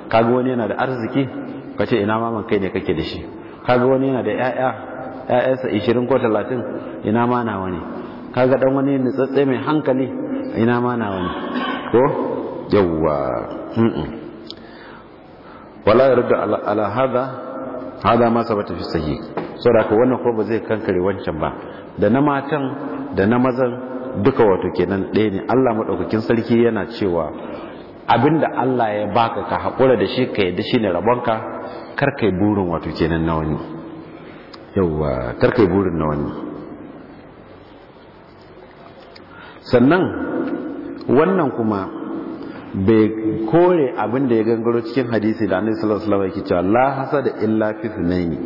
kaga wani yana da arziki kace ina maman kai ne kake da shi kaga wani yana da ƴaƴa ƴaƴansa 20 ko 30 ina ma na wani kaga dan wani tsatsai mai hankali ina ma na wani ko yawwa wala yarda ala hada hada ma sabata fi sahih saboda ko wannan ko ba zai kankare wancan ba da na matan da na mazan duka wato kenan ɗaya ne Allah madaukakin sarki yana cewa abinda Allah ya baka ka haƙura da shi ka yadda ne rabonka kar burin wato kenan na wani yawwa kar burin na wani sannan wannan kuma bai kore abinda ya gangaro cikin hadisi da annabi sallallahu alaihi wasallam yake cewa la hasada illa fi yi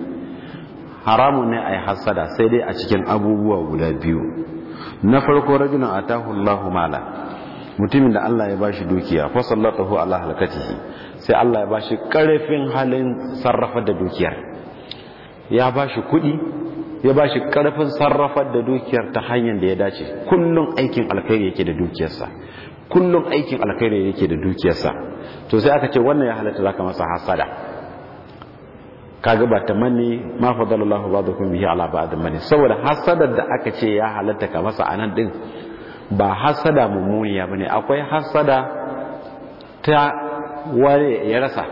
haramu ne ai hasada sai dai a cikin abubuwa guda biyu na farko rajulun atahu Allahu mala mutumin da Allah ya bashi dukiya fa sallatahu ala halakatihi sai Allah ya bashi karfin halin sarrafa da dukiyar ya bashi kuɗi ya bashi karfin sarrafa da dukiyar ta hanyar da ya dace kullum aikin alkhairi yake da dukiyarsa kullum aikin alkhairi yake da dukiyarsa to sai aka ce wannan ya halatta zaka masa hasada kaga ba ta mani ma fadalallahu kun bihi ala da mani saboda hasadar da aka ce ya halatta ka masa anan din ba hasada mummuniya ne akwai hasada ta ware ya rasa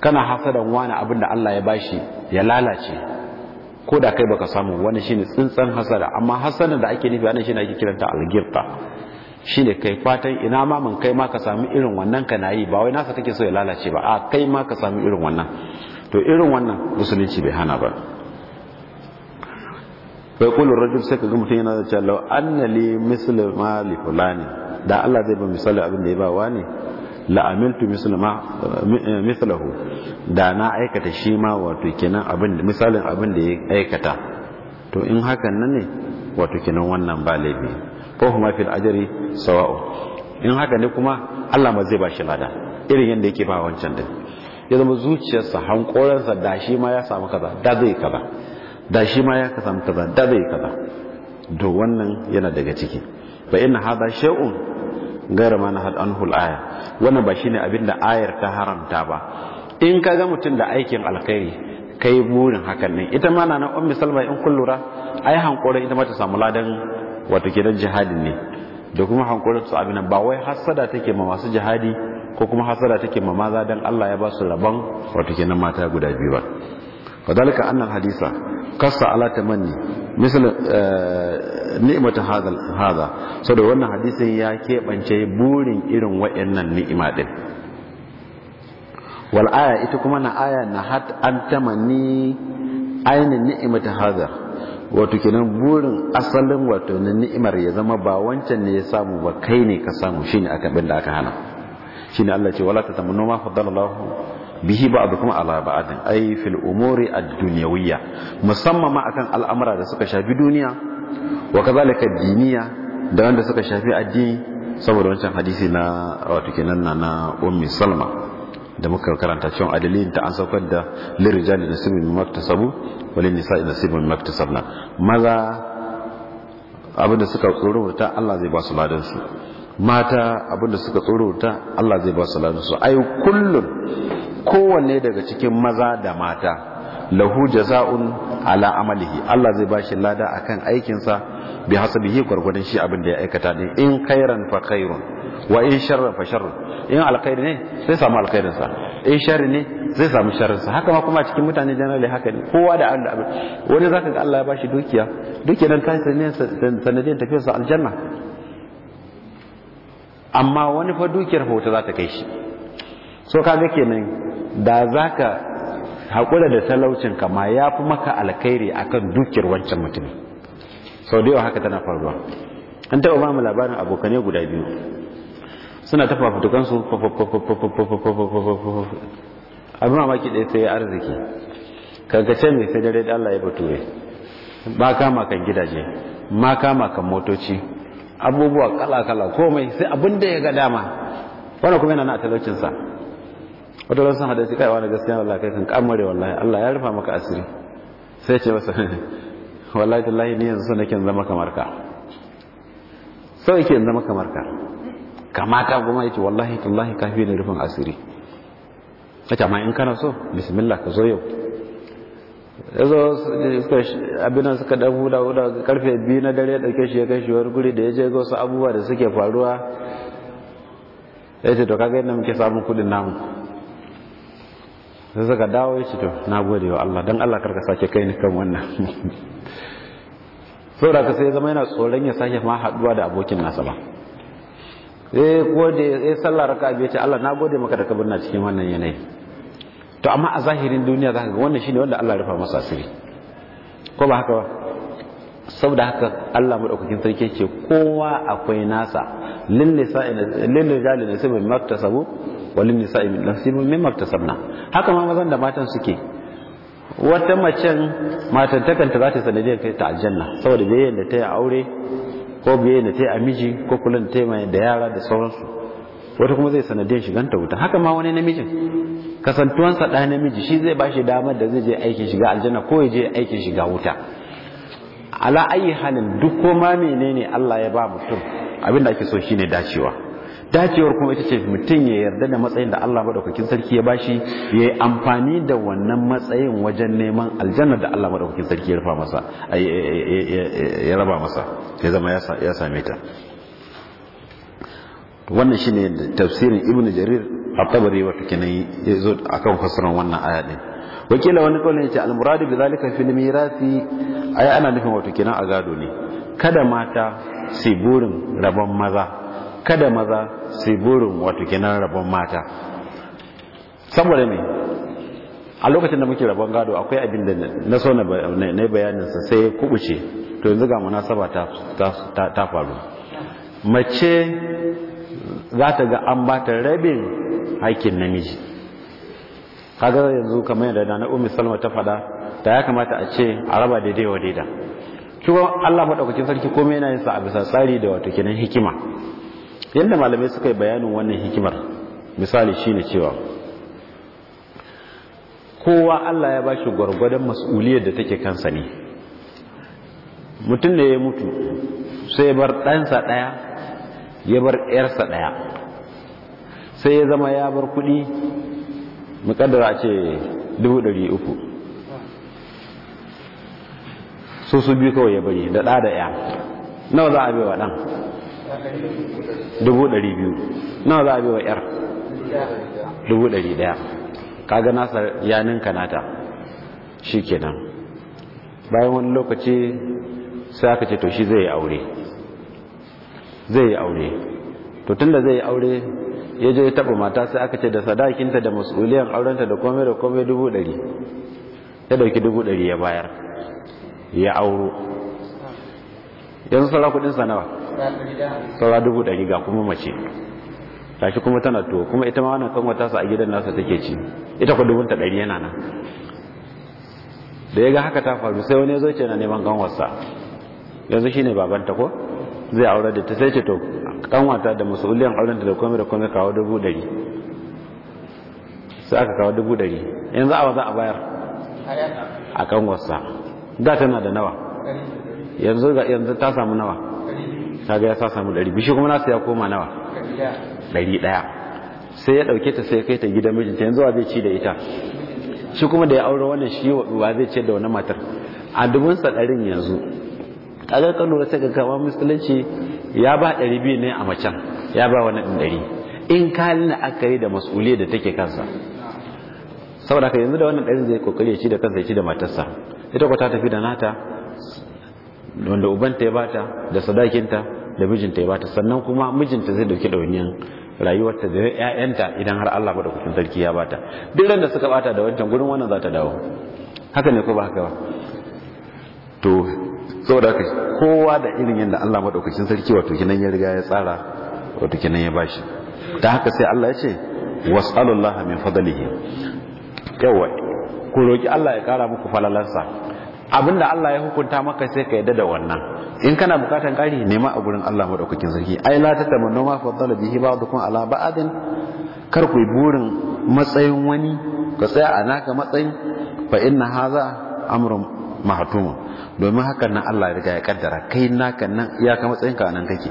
kana hasadan wani abinda Allah ya bashi ya lalace ko da kai baka samu wani shine tsintsan hasada amma hasadan da ake nufi wannan shine ake kiranta algirta shine kai fatan ina ma mun kai ma ka samu irin wannan ka nayi ba wai nasa take so ya lalace ba a kai ma ka samu irin wannan to irin wannan musulunci bai hana ba fa yaqulu rajul sai ka ga mutum yana da cewa law anna li ma li fulani da Allah zai ba misali abin da ya ba wani la amiltu misalahu eh, da na aikata shi ma wato kenan abin da misalin abin da ya aikata to in hakan nan ne wato kenan wannan ba laifi ko kuma fil ajri sawa'u in haka ne kuma Allah ma zai ba shi lada irin yadda yake ba wancan din ya zama zuciyarsa hankoransa da shi ma ya samu kaza da zai kaza da shi ma ya ka kaza da zai kaza to wannan yana daga ciki fa inna hadha shay'un ghayra ma nahal anhu al-aya wannan ba shine abin da ayar ta haramta ba in ka ga mutum da aikin alkhairi kai burin hakan ne ita ma na ummi salma in kullura a ai hankorin ita ma samu ladan wato gidan jihadi ne da kuma hankorin su abinan ba wai hasada take ma masu jihadi ko kuma hasada take ma maza dan Allah ya ba su rabon wato kenan mata guda biyu ba فذلك أن الحديث قص على تمني مثل ni'imatu hadal hada saboda wannan hadisin ya keɓance burin irin wayannan ni'ima din wal aya ita kuma na aya na hat an tamani ainin ni'imatu hada wato kenan burin asalin wato na ni'imar ya zama ba wancan ne ya samu ba kai ne ka samu shine aka bin da aka hana shine Allah ce wala ta tatamannu ma faddala Allah bihi ba'dukum ala ba'din ai fil umuri ad-dunyawiyya musamman ma akan al'amura da suka shafi duniya wa kazalika diniya da wanda suka shafi addini saboda wancan hadisi na wato kenan na ummi salma da muka karanta cewa adalin ta an saukar da lirijali nasibin maktasabu walin nisa'i nasibin maktasabna maza abinda suka tsoro ta Allah zai ba su ladan su mata abinda suka tsorota Allah zai ba su ladansu ai kullun kowanne daga cikin maza da mata lahu jaza'un ala amalihi Allah zai bashi lada akan aikinsa bi hasabihi gwargwadon shi abin da ya aikata din in khairan fa khairun wa in sharran fa sharrun in alkhairi ne zai samu alkhairin sa in sharri ne zai samu sharrin sa haka ma kuma cikin mutane generally haka ne kowa da Allah wani zaka ga Allah ya bashi dukiya dukiyar ta sanadiyar tafiyar sa aljanna amma wani fa dukiyar hoto za ta kai shi so ga kenan da zaka hakura da talaucin ka ma ya maka alkhairi akan dukiyar wancan mutumin sau da yawa haka tana faruwa an taba ba mu labarin abokane guda biyu suna tafa fitukan su abin mamaki ɗaya sai arziki kankace mai sai dare da Allah ya bature ba kama kan gidaje ma kama kan motoci abubuwa kala-kala komai sai abin da ya ga dama wani kuma yana na talaucinsa wata wasu hada sai kaiwa da gaskiya wallahi kai kan kamare wallahi Allah ya rufa maka asiri sai ce masa wallahi tallahi ni yanzu nake zama kamar ka sau yake zama kamar ka kamata kuma yake wallahi tallahi kafi ne rufin asiri kace amma in kana so bismillah ka zo yau ya zo abinan suka dan huda huda karfe biyu na dare ɗauke shi ya kai shi wani guri da ya je ga wasu abubuwa da suke faruwa ya ce to kaga yadda muke samun kudin namu sai suka dawo ya ce to na gode wa Allah don Allah karka sake kai ni kan wannan saboda ka sai ya zama yana tsoron ya sake ma haɗuwa da abokin nasa ba eh gode eh sallar raka'a bai ce Allah na gode maka da ka binna cikin wannan yanayi to amma a zahirin duniya za ka ga wannan shine wanda Allah rufa masa asiri ko ba haka ba saboda haka Allah madaukakin sarki ce kowa akwai nasa lil nisa'i lil rijali nasibun maktasabu wa lil nisa'i nasibun mimma maktasabna haka ma mazan da matan suke wata macen ta za ta sanadiyar kai ta aljanna saboda biyayyar da ta yi aure ko biyayyar da ta yi a miji ko da ta yi da yara da sauransu wata kuma zai sanadin shiganta wuta haka ma wani namijin kasantuwansa ɗaya namiji shi zai bashi damar da zai je aikin shiga aljanna ko ya je aikin shiga wuta ala ayi halin duk koma menene Allah ya ba mutum abin da ake so shine dacewa dacewar kuma ita ce mutum ya yarda da matsayin da Allah madaukakin sarki ya bashi ya yi amfani da wannan matsayin wajen neman aljanna da Allah madaukakin sarki ya rufa masa ya raba masa ya zama ya same ta wannan shine tafsirin ibn jarir at-tabari ya zo yazo akan fassarar wannan aya din wakila wani kawai yace al-muradu bi zalika fil mirasi Aya ana nufin wato kenan a gado ne kada mata su burin rabon maza kada maza su burin wato kenan rabon mata saboda me a lokacin da muke rabon gado akwai abin da na so na bayanin sa sai kubuce to yanzu ga munasaba ta ta faru mace za ta ga an ba ta rabin haikin namiji kaga yanzu kamar yadda na ummi salma ta fada ta ya kamata a ce a raba daidai wa daida kuma Allah madaukakin sarki komai yana yin sa a bisa tsari da wato kenan hikima yadda malamai suka yi bayanin wannan hikimar misali shine cewa kowa Allah ya ba shi gwargwadon mas'uliyar da take kansa ne mutum da ya mutu sai bar ɗansa ɗaya ya bar ɗayarsa ɗaya sai ya zama ya bar kuɗi mukaddara ce 300,000 su su biyu kawai ya bari da ɗa da ɗaya nawa za a bai wa ɗan 200 nawa za a bai wa 100,000 100 kaga nasa ya ninka nata shi kenan bayan wani lokaci sai aka ce to shi zai yi aure zai yi aure to tunda zai yi aure ya je ya taba mata sai aka ce da sadakinta da mas'uliyan aurenta da komai da komai dubu ɗari ya ɗauki dubu ɗari ya bayar ya auro yanzu saura kudin sanawa saura dubu ɗari ga kuma mace Ta shi kuma tana tuwo kuma ita ma wannan kanwata su a gidan nasa take ci ita ku dubunta ɗari yana nan da ya ga haka ta faru sai wani ya zo ce na neman kanwarsa yanzu shine babanta ko zai aure da ta sai ce to kanwata da masuliyan auren da komai da komai kawo dubu dari sai aka kawo dubu dari yanzu awa za a bayar a kan wasa. da tana da nawa yanzu yanzu ta samu nawa ta ga ya sa samu dari bishi kuma nasu ya koma nawa dari daya sai ya dauke ta sai kai ta gidan mijinta yanzu wa zai ci da ita shi kuma da ya aure wannan shi wa zai ce da wani matar a dubunsa ɗarin yanzu kagar ka lura sai ka kama musulunci ya ba ɗari biyu ne a macen ya ba wani ɗin ɗari in ka la'akari da mas'uliyar da take kansa saboda haka yanzu da wannan ɗari zai kokari ya ci da kansa ya ci da matarsa ita ko ta tafi da nata wanda ubanta ya bata da sadakinta da mijinta ya bata sannan kuma mijinta zai dauki ɗawainiyar rayuwarta da ‘ya’yanta idan har Allah madaukakin sarki ya bata duk ran da suka bata da wancan gurin wannan za ta dawo haka ne ko ba haka ba to saboda haka kowa da irin yadda Allah madaukakin sarki wato kinan ya riga ya tsara wato kinan ya bashi ta haka sai Allah ya ce was'alullaha min fadlihi yawa ku roki Allah ya kara muku falalarsa abinda Allah ya hukunta maka sai ka yadda da wannan in kana bukatan kari nema a gurin Allah madaukakin sarki ai la tatamannu ma fadala bihi ba'dukum ala ba'din kar ku burin matsayin wani ka tsaya a naka matsayin fa inna hadha amrun mahtumun domin hakan nan Allah ya riga ya kaddara kai naka nan ya kama matsayin ka nan kake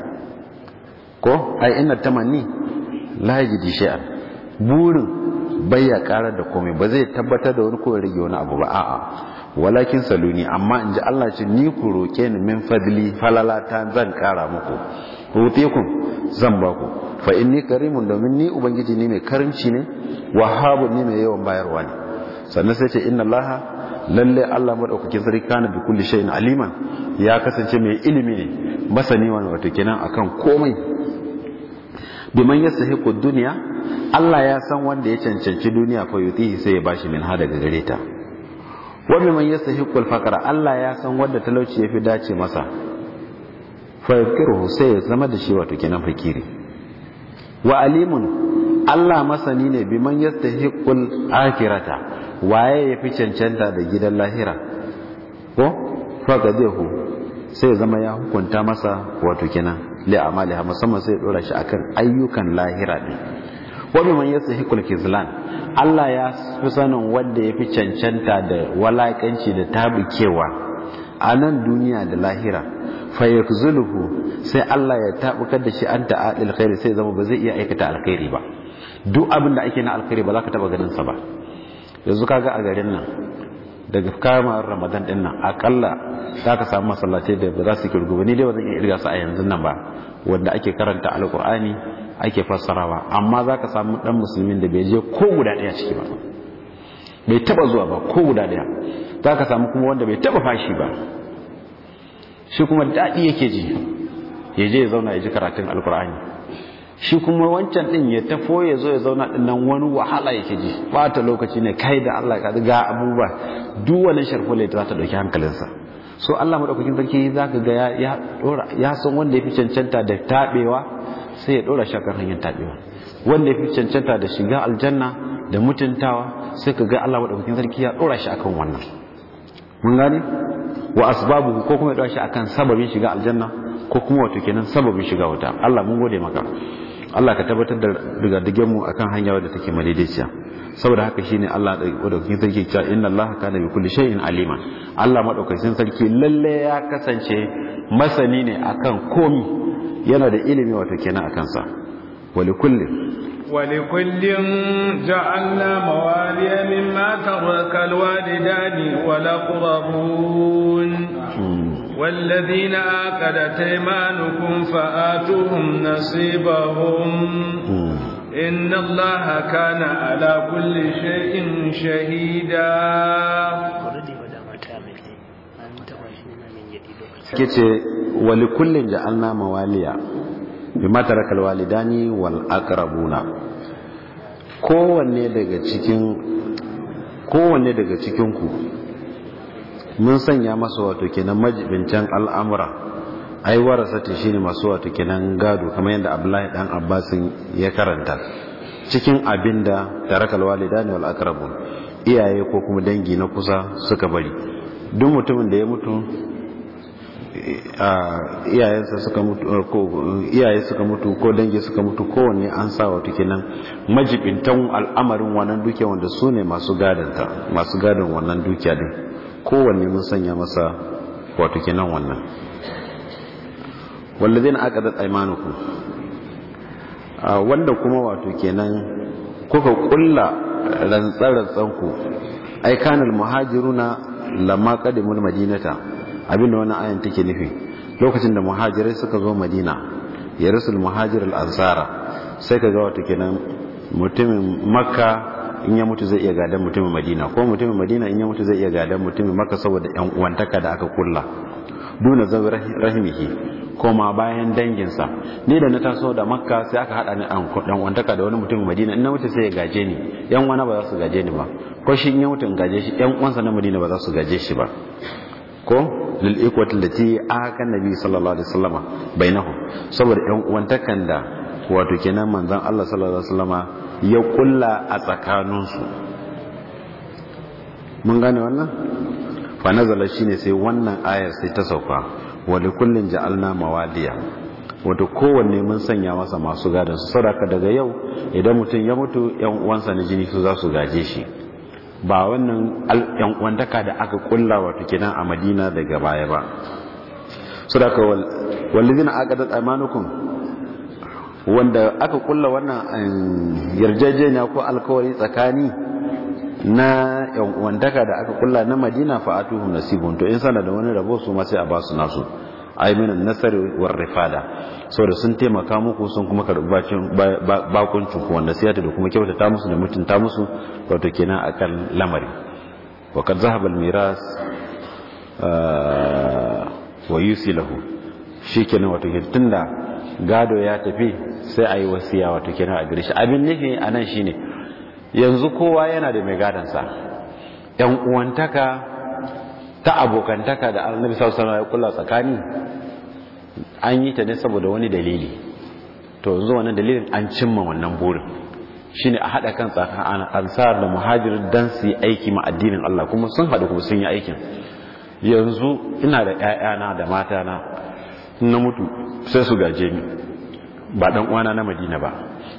ko ai ina tamanni la yajidi shay'an burin bai ya karar da komai ba zai tabbatar da wani ko rage wani abu ba a'a walakin saluni amma in ji Allah ce ni ku roke ni min fadli falalata zan kara muku ku zan ba ku fa inni karimun domin ni ubangiji ne mai karimci ne wahabu ne mai yawan bayarwa ne sannan sai ce inna laha. lalle Allah madaukakin sarki kana bi kulli shay'in aliman ya kasance mai ilimi ne masani wa wato kenan akan komai biman yasahiqu dunya Allah ya san wanda ya cancanci duniya fa yutihi sai ya bashi min hada dare ta wa man yasahiqu al-faqra Allah ya san wanda talauci yafi dace masa fa yakiru sai ya zama da shi wato kenan fakiri wa alimun Allah masani ne biman yastahiqu al-akhirata waye ya fi cancanta da gidan lahira ko hu sai zama ya hukunta masa wato kenan li ha musamman sai dora shi akan ayyukan lahira din wa yasa hikul kizlan Allah ya fi sanin wanda ya fi cancanta da walakanci da tabukewa a nan duniya da lahira fayakzuluhu sai Allah ya tabukar da shi an ta'adil khairi sai zama ba zai iya aikata alkhairi ba duk abin da ake na alkhairi ba za ka taba ganin sa ba yanzu kaga a garin nan daga kama ramadan din nan akalla za ka samu masallatai da za su kirgu ba ni dai ba zan iya irga su a yanzu nan ba wanda ake karanta alkur'ani ake fassarawa amma za ka samu dan musulmin da bai je ko guda ɗaya ciki ba bai taba zuwa ba ko guda ɗaya za ka samu kuma wanda bai taba fashi ba shi kuma daɗi yake ji ya je ya zauna ya ji karatun alkur'ani shi kuma wancan din ya tafo ya zo ya zauna din nan wani wahala yake ji ba ta lokaci ne kai da Allah ka ga abubuwa duk wannan sharhole za ta dauki hankalinsa so Allah madaukakin sarki zaka ga ya ya san wanda yafi cancanta da tabewa sai ya dora shakar hanyar tabewa wanda yafi cancanta da shiga aljanna da mutuntawa sai ka ga Allah madaukakin sarki ya dora shi akan wannan mun gane wa asbabu ko kuma ya dora shi akan sababin shiga aljanna ko kuma wato kenan sababin shiga wuta Allah mun gode maka Allah ka tabbatar da rigardigen mu akan hanya wadda take madaidaiciya saboda haka shi ne Allah madaukakin sarki cewa inna Allah kana bi kulli shay'in alima Allah madaukakin sarki lalle ya kasance masani ne akan komi yana da ilimi wato kenan akan sa wali kullin wali kullin ja'alna mawaliya mimma taraka alwalidani wal aqrabun hmm. والذين آكدت إيمانكم فآتوهم نصيبهم hmm. إن الله كان على كل شيء شهيدا kece wani kullum ja'alna mawaliya bi matarakal walidani wal aqrabuna kowanne daga kowanne daga cikin ku mun sanya masa wato kenan majibincin al'amura ai warasata shine masu wato kenan gado kamar yadda Abdullahi dan Abbasin ya karanta cikin abinda tarakal walidani wal aqrabun iyaye ko kuma dangi na kusa suka bari duk mutumin da ya mutu eh, iyayensa suka mutu eh, ko iyaye suka mutu ko dangi suka mutu kowanne an sa wato kenan majibintan al'amarin wannan dukiya wanda su ne masu gadon wannan dukiya din kowanne mun sanya masa wato kenan wannan da aqadat aymanukum wanda kuma wato kenan kuka kulla rantsarantsanku ai kanal muhajiruna lamma qadimul madinata abinda wannan ayan take nufi lokacin da muhajirai suka zo madina ya rasul muhajir al ansara sai kaga wato kenan mutumin makka in ya mutu zai iya gadan mutumin madina ko mutumin madina in ya mutu zai iya gadan mutumin maka saboda yan uwantaka da aka kulla duna zan rahimihi koma bayan danginsa ni da na taso da makka sai aka hada ni kudin uwantaka da wani mutumin madina in na mutu sai ya gaje ni yan wani ba za su gaje ni ba ko shi in ya mutu in gaje shi yan uwansa na madina ba za su gaje shi ba ko lil ikwati lati aka nabi sallallahu alaihi wasallam bainahu saboda yan uwantakan da wato kenan manzon Allah sallallahu alaihi wasallama ya kulla a tsakaninsu mun gane wannan fa shi shine sai wannan ayar sai ta sauka wani kullum ja'alna mawadiya wato kowanne mun sanya masa masu gadon su sadaka daga yau idan mutum ya mutu yan uwansa na jini su za su gaje shi ba wannan yan uwantaka da aka kulla wato kenan a Madina daga baya ba sadaka wal walladina aqadat aymanukum wanda aka kulla wannan eh, yarjejeniya ko alkawari tsakani na wantaka da aka kulla na madina fa'atuhu nasibun to in sana da wani rabo su ma sai a basu nasu ai minan war rifada saboda sun taimaka muku sun kuma karbi bakuncin ku wanda siyata da kuma ta musu da mutunta musu wato kenan akan lamari wa kad zahab al miras eh, wa shikenan wato tunda gado ya tafi sai a yi wasiya wato kenan a gare abin nufi a nan shine yanzu kowa yana da mai gadansa yan uwantaka ta abokantaka da annabi sallallahu ya kula tsakani an yi ta ne saboda wani dalili to yanzu wannan dalilin an cimma wannan burin shine a haɗa kan tsakanin ansar da muhajir don su yi aiki ma addinin Allah kuma sun haɗu kuma sun yi aikin yanzu ina da 'ya'yana da matana na mutu sai su gaje ni ba dan uwana na madina ba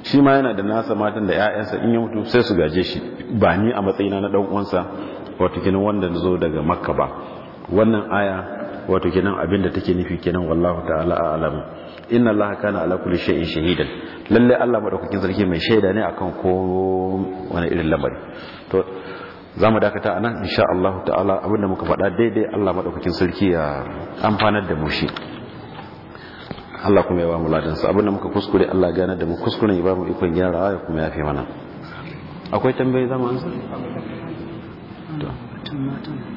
shi ma yana da nasa matan da 'ya'yansa in ya mutu sai su gaje shi ba ni a matsayina na dan uwansa wato kenan wanda zo daga makka ba wannan aya wato kenan abinda take nufi kenan wallahu ta'ala a'lam inna allaha kana ala kulli shay'in shahidan lalle Allah madaukakin sarki mai shaida ne akan ko wani irin lamari to za mu dakata a nan insha Allah ta'ala abinda muka faɗa daidai Allah maɗaukakin sarki ya amfanar da mu shi Allah kuma ya ba mu ladan su abinda muka kuskure Allah gane da mu kuskuren ya ba mu ikon rawa ya kuma ya fi mana akwai tambayi zama ansa to